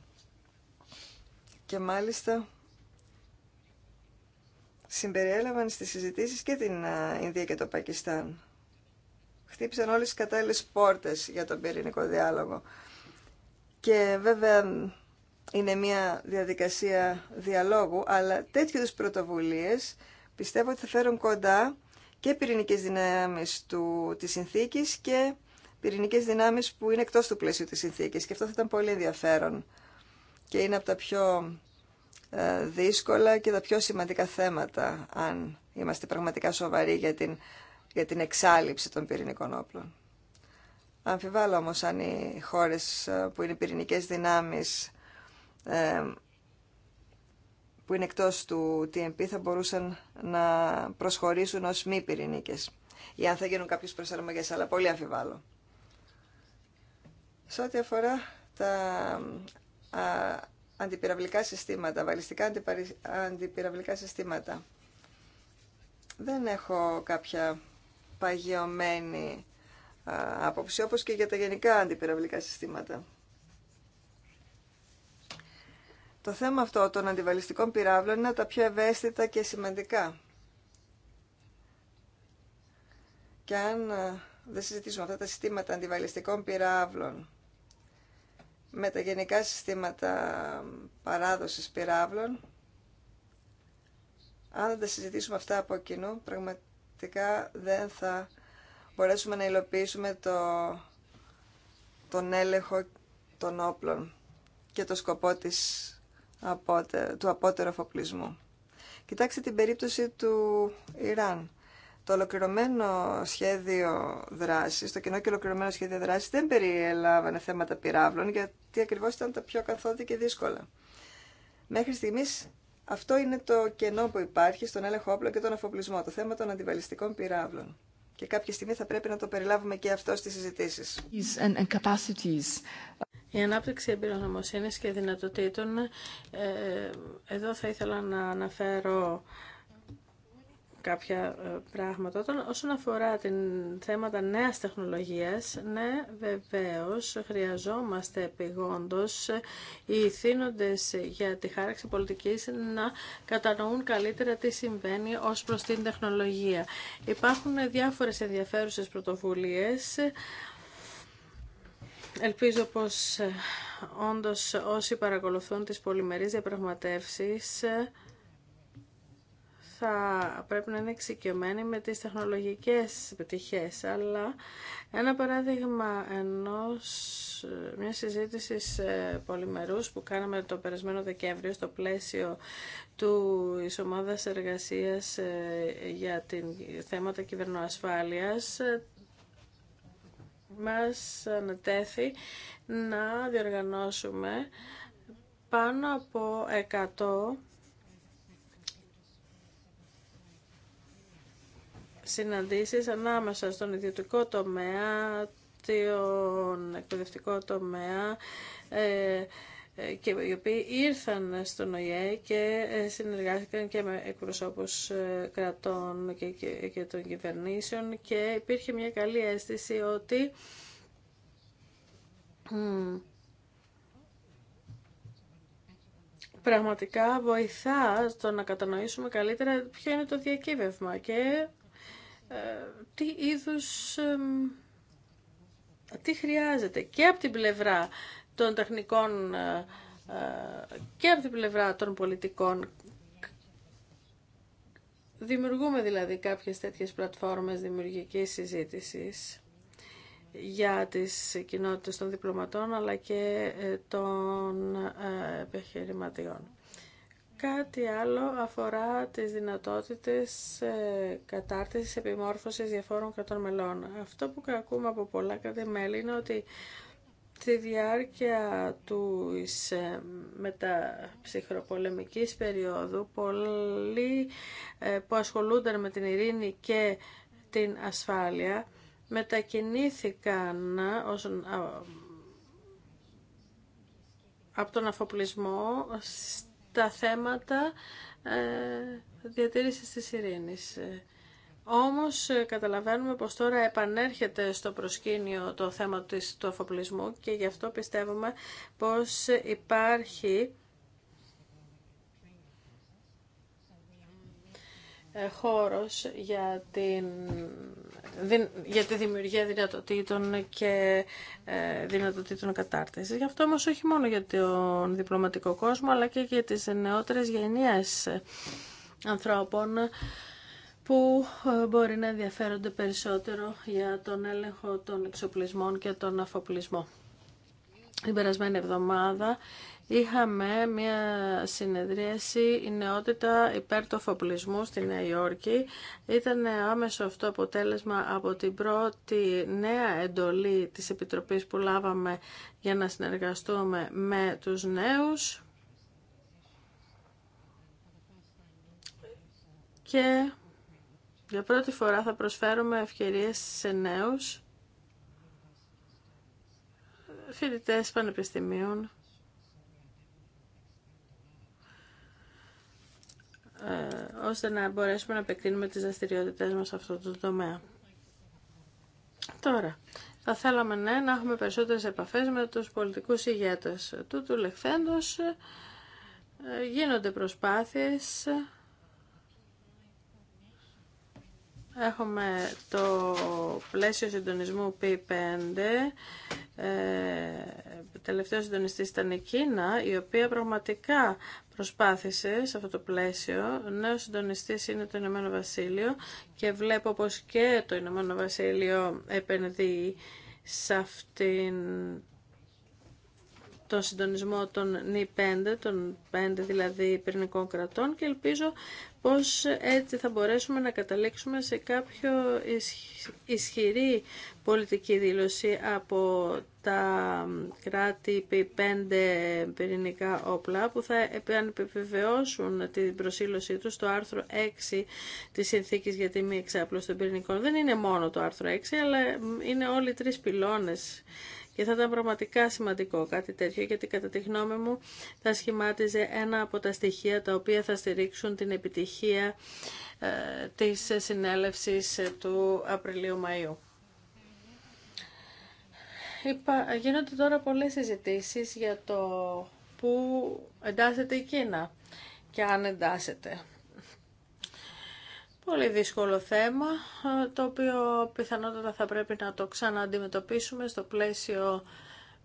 Και μάλιστα συμπεριέλαβαν στις συζητήσεις και την Ινδία και το Πακιστάν. Χτύπησαν όλες τις κατάλληλες πόρτες για τον πυρηνικό διάλογο. Και βέβαια είναι μια διαδικασία διαλόγου, αλλά τέτοιου είδους πρωτοβουλίες πιστεύω ότι θα φέρουν κοντά και πυρηνικές δυνάμεις του, της συνθήκης και πυρηνικές δυνάμεις που είναι εκτός του πλαίσιου της συνθήκης και αυτό θα ήταν πολύ ενδιαφέρον και είναι από τα πιο ε, δύσκολα και τα πιο σημαντικά θέματα αν είμαστε πραγματικά σοβαροί για την, για την εξάλληψη των πυρηνικών όπλων. Αμφιβάλλω όμως αν οι χώρες ε, που είναι πυρηνικές δυνάμεις ε, που είναι εκτός του TMP θα μπορούσαν να προσχωρήσουν ως μη πυρηνικές ή αν θα γίνουν κάποιες προσαρμογές, αλλά πολύ αφιβάλλω. Σε ό,τι αφορά τα α, αντιπυραυλικά συστήματα, βαλιστικά αντιπυραυλικά συστήματα, δεν έχω κάποια παγιωμένη α, άποψη, όπως και για τα γενικά αντιπυραυλικά συστήματα. Το θέμα αυτό των αντιβαλιστικών πυράβλων είναι τα πιο ευαίσθητα και σημαντικά. Και αν ε, δεν συζητήσουμε αυτά τα συστήματα αντιβαλιστικών πυράβλων με τα γενικά συστήματα παράδοσης πυράβλων, αν δεν τα συζητήσουμε αυτά από κοινού, πραγματικά δεν θα μπορέσουμε να υλοποιήσουμε το, τον έλεγχο των όπλων και το σκοπό της του απότερου αφοπλισμού. Κοιτάξτε την περίπτωση του Ιράν. Το ολοκληρωμένο σχέδιο δράση, το κοινό και ολοκληρωμένο σχέδιο δράση δεν περιέλαβανε θέματα πυράβλων, γιατί ακριβώ ήταν τα πιο καθόδη και δύσκολα. Μέχρι στιγμή αυτό είναι το κενό που υπάρχει στον έλεγχο όπλων και τον αφοπλισμό, το θέμα των αντιβαλιστικών πυράβλων. Και κάποια στιγμή θα πρέπει να το περιλάβουμε και αυτό στι συζητήσει. Η ανάπτυξη νομοσύνης και δυνατοτήτων. Ε, εδώ θα ήθελα να αναφέρω κάποια ε, πράγματα. Όσον αφορά την θέματα νέας τεχνολογίας, ναι, βεβαίως χρειαζόμαστε επιγόντως οι ηθήνοντες για τη χάραξη πολιτικής να κατανοούν καλύτερα τι συμβαίνει ως προς την τεχνολογία. Υπάρχουν διάφορες ενδιαφέρουσες πρωτοβουλίες, Ελπίζω πως ε, όντως όσοι παρακολουθούν τις πολυμερείς διαπραγματεύσεις ε, θα πρέπει να είναι εξοικειωμένοι με τις τεχνολογικές επιτυχίες, αλλά ένα παράδειγμα ενός ε, μια συζήτηση πολυμερούς που κάναμε το περασμένο Δεκέμβριο στο πλαίσιο του ομάδα εργασίας για την θέματα κυβερνοασφάλειας μας ανατέθη να διοργανώσουμε πάνω από 100 συναντήσεις ανάμεσα στον ιδιωτικό τομέα, τον εκπαιδευτικό τομέα, ε, ε, και οι οποίοι ήρθαν στον ΟΗΕ και ε, συνεργάστηκαν και με εκπροσώπους ε, κρατών και, και των κυβερνήσεων και υπήρχε μια καλή αίσθηση ότι πραγματικά βοηθά στο να κατανοήσουμε καλύτερα ποιο είναι το διακύβευμα και τι είδους τι χρειάζεται και από την πλευρά των τεχνικών ε, ε, και από την πλευρά των πολιτικών. Δημιουργούμε δηλαδή κάποιες τέτοιες πλατφόρμες δημιουργικής συζήτησης για τις κοινότητες των διπλωματών αλλά και ε, των επιχειρηματιών. Κάτι άλλο αφορά τις δυνατότητες κατάρτισης επιμόρφωσης διαφόρων κρατών μελών. Αυτό που ακούμε από πολλά κράτη-μέλη είναι ότι Στη διάρκεια του ε, μεταψυχροπολεμικής περίοδου, πολλοί ε, που ασχολούνταν με την ειρήνη και την ασφάλεια μετακινήθηκαν ε, από τον αφοπλισμό στα θέματα διατήρησης της ειρήνης. Όμως ε, καταλαβαίνουμε πως τώρα επανέρχεται στο προσκήνιο το θέμα του αφοπλισμού και γι' αυτό πιστεύουμε πως υπάρχει ε, χώρος για, την, για τη δημιουργία δυνατοτήτων και ε, δυνατοτήτων κατάρτισης. Γι' αυτό όμως όχι μόνο για τον διπλωματικό κόσμο αλλά και για τις νεότερες γενιές ανθρώπων που ε, μπορεί να ενδιαφέρονται περισσότερο για τον έλεγχο των εξοπλισμών και τον αφοπλισμό. Την περασμένη εβδομάδα είχαμε μια συνεδρίαση η νεότητα υπέρ του αφοπλισμού στη Νέα Υόρκη. Ήταν άμεσο αυτό αποτέλεσμα από την πρώτη νέα εντολή της Επιτροπής που λάβαμε για να συνεργαστούμε με τους νέους. Και για πρώτη φορά θα προσφέρουμε ευκαιρίες σε νέους φοιτητές πανεπιστημίων ε, ώστε να μπορέσουμε να επεκτείνουμε τις δραστηριότητε μας σε αυτό το τομέα. Τώρα, θα θέλαμε ναι, να έχουμε περισσότερες επαφές με τους πολιτικούς ηγέτες. Τούτου λεχθέντος ε, γίνονται προσπάθειες Έχουμε το πλαίσιο συντονισμού P5. Ε, τελευταίος συντονιστής ήταν η Κίνα, η οποία πραγματικά προσπάθησε σε αυτό το πλαίσιο. Νέο συντονιστής είναι το Ηνωμένο Βασίλειο και βλέπω πως και το Ηνωμένο Βασίλειο επενδύει σε αυτήν τον συντονισμό των ΝΗ5, των 5 δηλαδή πυρηνικών κρατών και ελπίζω πως έτσι θα μπορέσουμε να καταλήξουμε σε κάποιο ισχυρή πολιτική δήλωση από τα κράτη πέντε πυρηνικά όπλα που θα επιβεβαιώσουν την προσήλωσή τους στο άρθρο 6 της Συνθήκης για τη μη εξάπλωση των πυρηνικών. Δεν είναι μόνο το άρθρο 6, αλλά είναι όλοι τρεις πυλώνες και θα ήταν πραγματικά σημαντικό κάτι τέτοιο, γιατί κατά τη γνώμη μου θα σχημάτιζε ένα από τα στοιχεία τα οποία θα στηρίξουν την επιτυχία ε, της συνέλευσης του Απριλίου-Μαΐου. Γίνονται τώρα πολλές συζητήσεις για το πού εντάσσεται η Κίνα και αν εντάσσεται πολύ δύσκολο θέμα, ε, το οποίο πιθανότατα θα πρέπει να το ξανααντιμετωπίσουμε στο πλαίσιο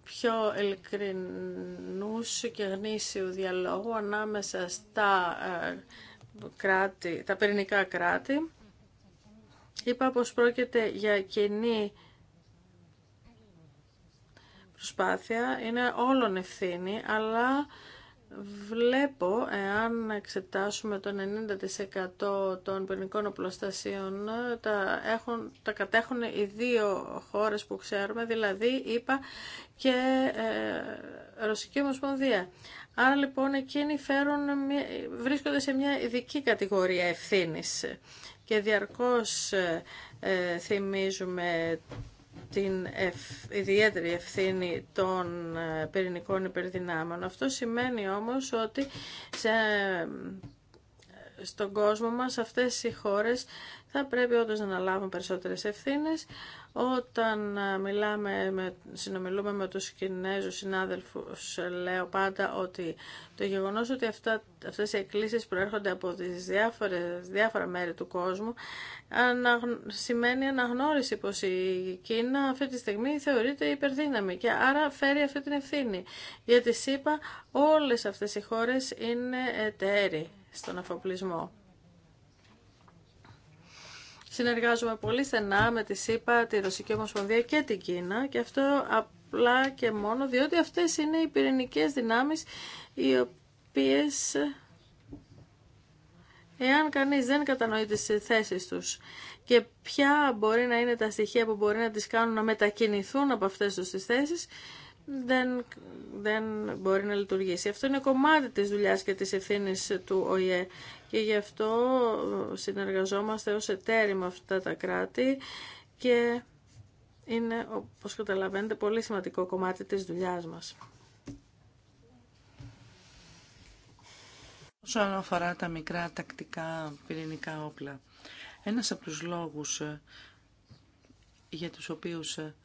πιο ειλικρινούς και γνήσιου διαλόγου ανάμεσα στα, ε, κράτη, τα πυρηνικά κράτη. Είπα πως πρόκειται για κοινή προσπάθεια, είναι όλων ευθύνη, αλλά βλέπω, εάν εξετάσουμε το 90% των ποινικών οπλοστασίων, τα, έχουν, τα κατέχουν οι δύο χώρες που ξέρουμε, δηλαδή είπα και ε, Ρωσική Ομοσπονδία. Άρα λοιπόν εκείνοι φέρουν, βρίσκονται σε μια ειδική κατηγορία ευθύνης και διαρκώς ε, ε θυμίζουμε την ιδιαίτερη ευθύνη των ε, πυρηνικών υπερδυνάμεων. Αυτό σημαίνει όμως ότι σε στον κόσμο μας, αυτές οι χώρες θα πρέπει όντως να αναλάβουν περισσότερες ευθύνες. Όταν ε, μιλάμε με, συνομιλούμε με τους Κινέζους συνάδελφους, ε, λέω πάντα ότι το γεγονός ότι αυτά, αυτές οι εκκλήσεις προέρχονται από τις διάφορες, διάφορα μέρη του κόσμου σημαίνει αναγνώριση πως η Κίνα αυτή τη στιγμή θεωρείται υπερδύναμη και άρα φέρει αυτή την ευθύνη. Γιατί είπα όλες αυτές οι χώρες είναι εταίροι στον αφοπλισμό. Συνεργάζομαι πολύ στενά με τη ΣΥΠΑ, τη Ρωσική Ομοσπονδία και την Κίνα και αυτό απλά και μόνο διότι αυτές είναι οι πυρηνικές δυνάμεις οι οποίες εάν κανείς δεν κατανοεί τις θέσεις τους και ποια μπορεί να είναι τα στοιχεία που μπορεί να τις κάνουν να μετακινηθούν από αυτές τους τις θέσεις, δεν, δεν μπορεί να λειτουργήσει. Αυτό είναι κομμάτι της δουλειάς και της ευθύνη του ΟΗΕ και γι' αυτό συνεργαζόμαστε ως εταίροι με αυτά τα κράτη και είναι, όπως καταλαβαίνετε, πολύ σημαντικό κομμάτι της δουλειάς μας. Όσον αφορά τα μικρά τακτικά πυρηνικά όπλα, ένας από τους λόγους ε, για τους οποίους ε,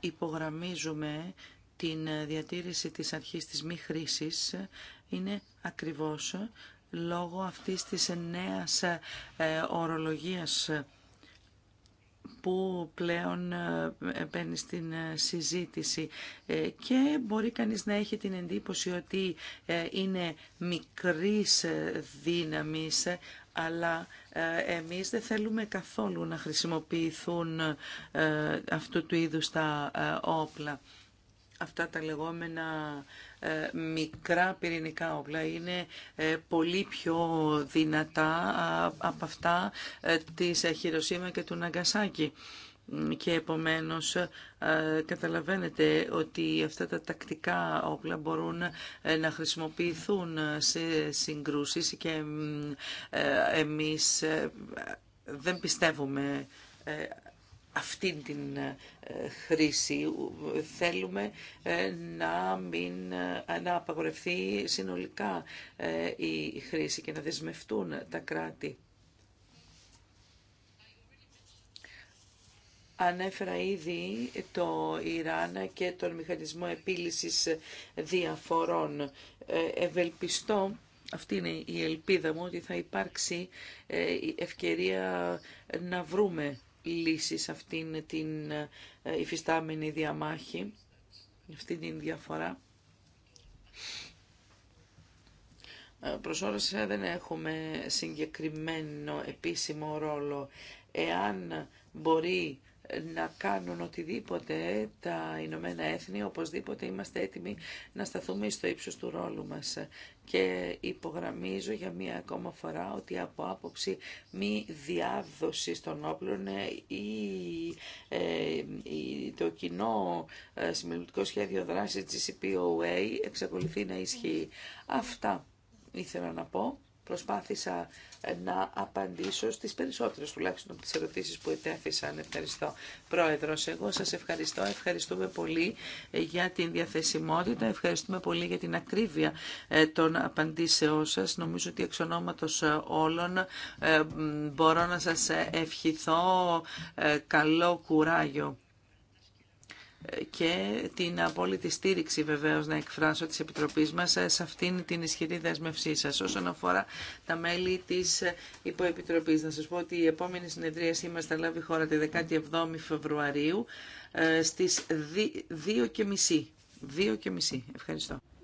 υπογραμμίζουμε την ε, διατήρηση της αρχής της μη χρήσης ε, είναι ακριβώς ε, λόγω αυτής της νέας ορολογίας που πλέον μπαίνει στην συζήτηση και μπορεί κανείς να έχει την εντύπωση ότι είναι μικρής δύναμης αλλά εμείς δεν θέλουμε καθόλου να χρησιμοποιηθούν αυτού του είδους τα όπλα αυτά τα λεγόμενα ε, μικρά πυρηνικά όπλα είναι ε, πολύ πιο δυνατά από αυτά ε, της Χειροσύμα και του Ναγκασάκη. Και επομένως καταλαβαίνετε ότι αυτά τα τακτικά όπλα μπορούν να χρησιμοποιηθούν σε συγκρούσεις και εμείς δεν πιστεύουμε αυτήν την ε, χρήση. Θέλουμε ε, να μην ε, να απαγορευτεί συνολικά η χρήση και να δεσμευτούν τα κράτη. Ανέφερα ήδη το Ιράν και τον μηχανισμό επίλυσης διαφορών. Ευελπιστώ αυτή είναι η ελπίδα μου ότι θα υπάρξει ευκαιρία να βρούμε λύσει σε αυτήν την ε, υφιστάμενη διαμάχη, αυτήν την διαφορά. Ε, προς ε, δεν έχουμε συγκεκριμένο επίσημο ρόλο. Εάν μπορεί να κάνουν οτιδήποτε τα Ηνωμένα Έθνη, οπωσδήποτε είμαστε έτοιμοι να σταθούμε στο ύψος του ρόλου μας. Και υπογραμμίζω για μία ακόμα φορά ότι από άποψη μη διάδοση των όπλων ή, ε, ε, το κοινό ε, συμμετοχικό σχέδιο δράσης GCPOA εξακολουθεί να ισχύει. Αυτά ήθελα να πω προσπάθησα ε, να απαντήσω στις περισσότερες τουλάχιστον από τις ερωτήσεις που ετέθησαν. Ευχαριστώ. Πρόεδρος, εγώ σας ευχαριστώ. Ευχαριστούμε πολύ ε, για την διαθεσιμότητα. Ευχαριστούμε πολύ για την ακρίβεια ε, των απαντήσεών σας. Νομίζω ότι εξ ονόματος όλων μπορώ να σας ευχηθώ καλό κουράγιο και την απόλυτη στήριξη βεβαίως να εκφράσω τη Επιτροπής μας ε, σε αυτήν την ισχυρή δέσμευσή σας. Όσον αφορά τα μέλη της Υποεπιτροπής, να σα πω ότι η επόμενη συνεδρίασή μας θα λάβει χώρα τη 17η Φεβρουαρίου ε, στις 2.30. 2.30. Ευχαριστώ.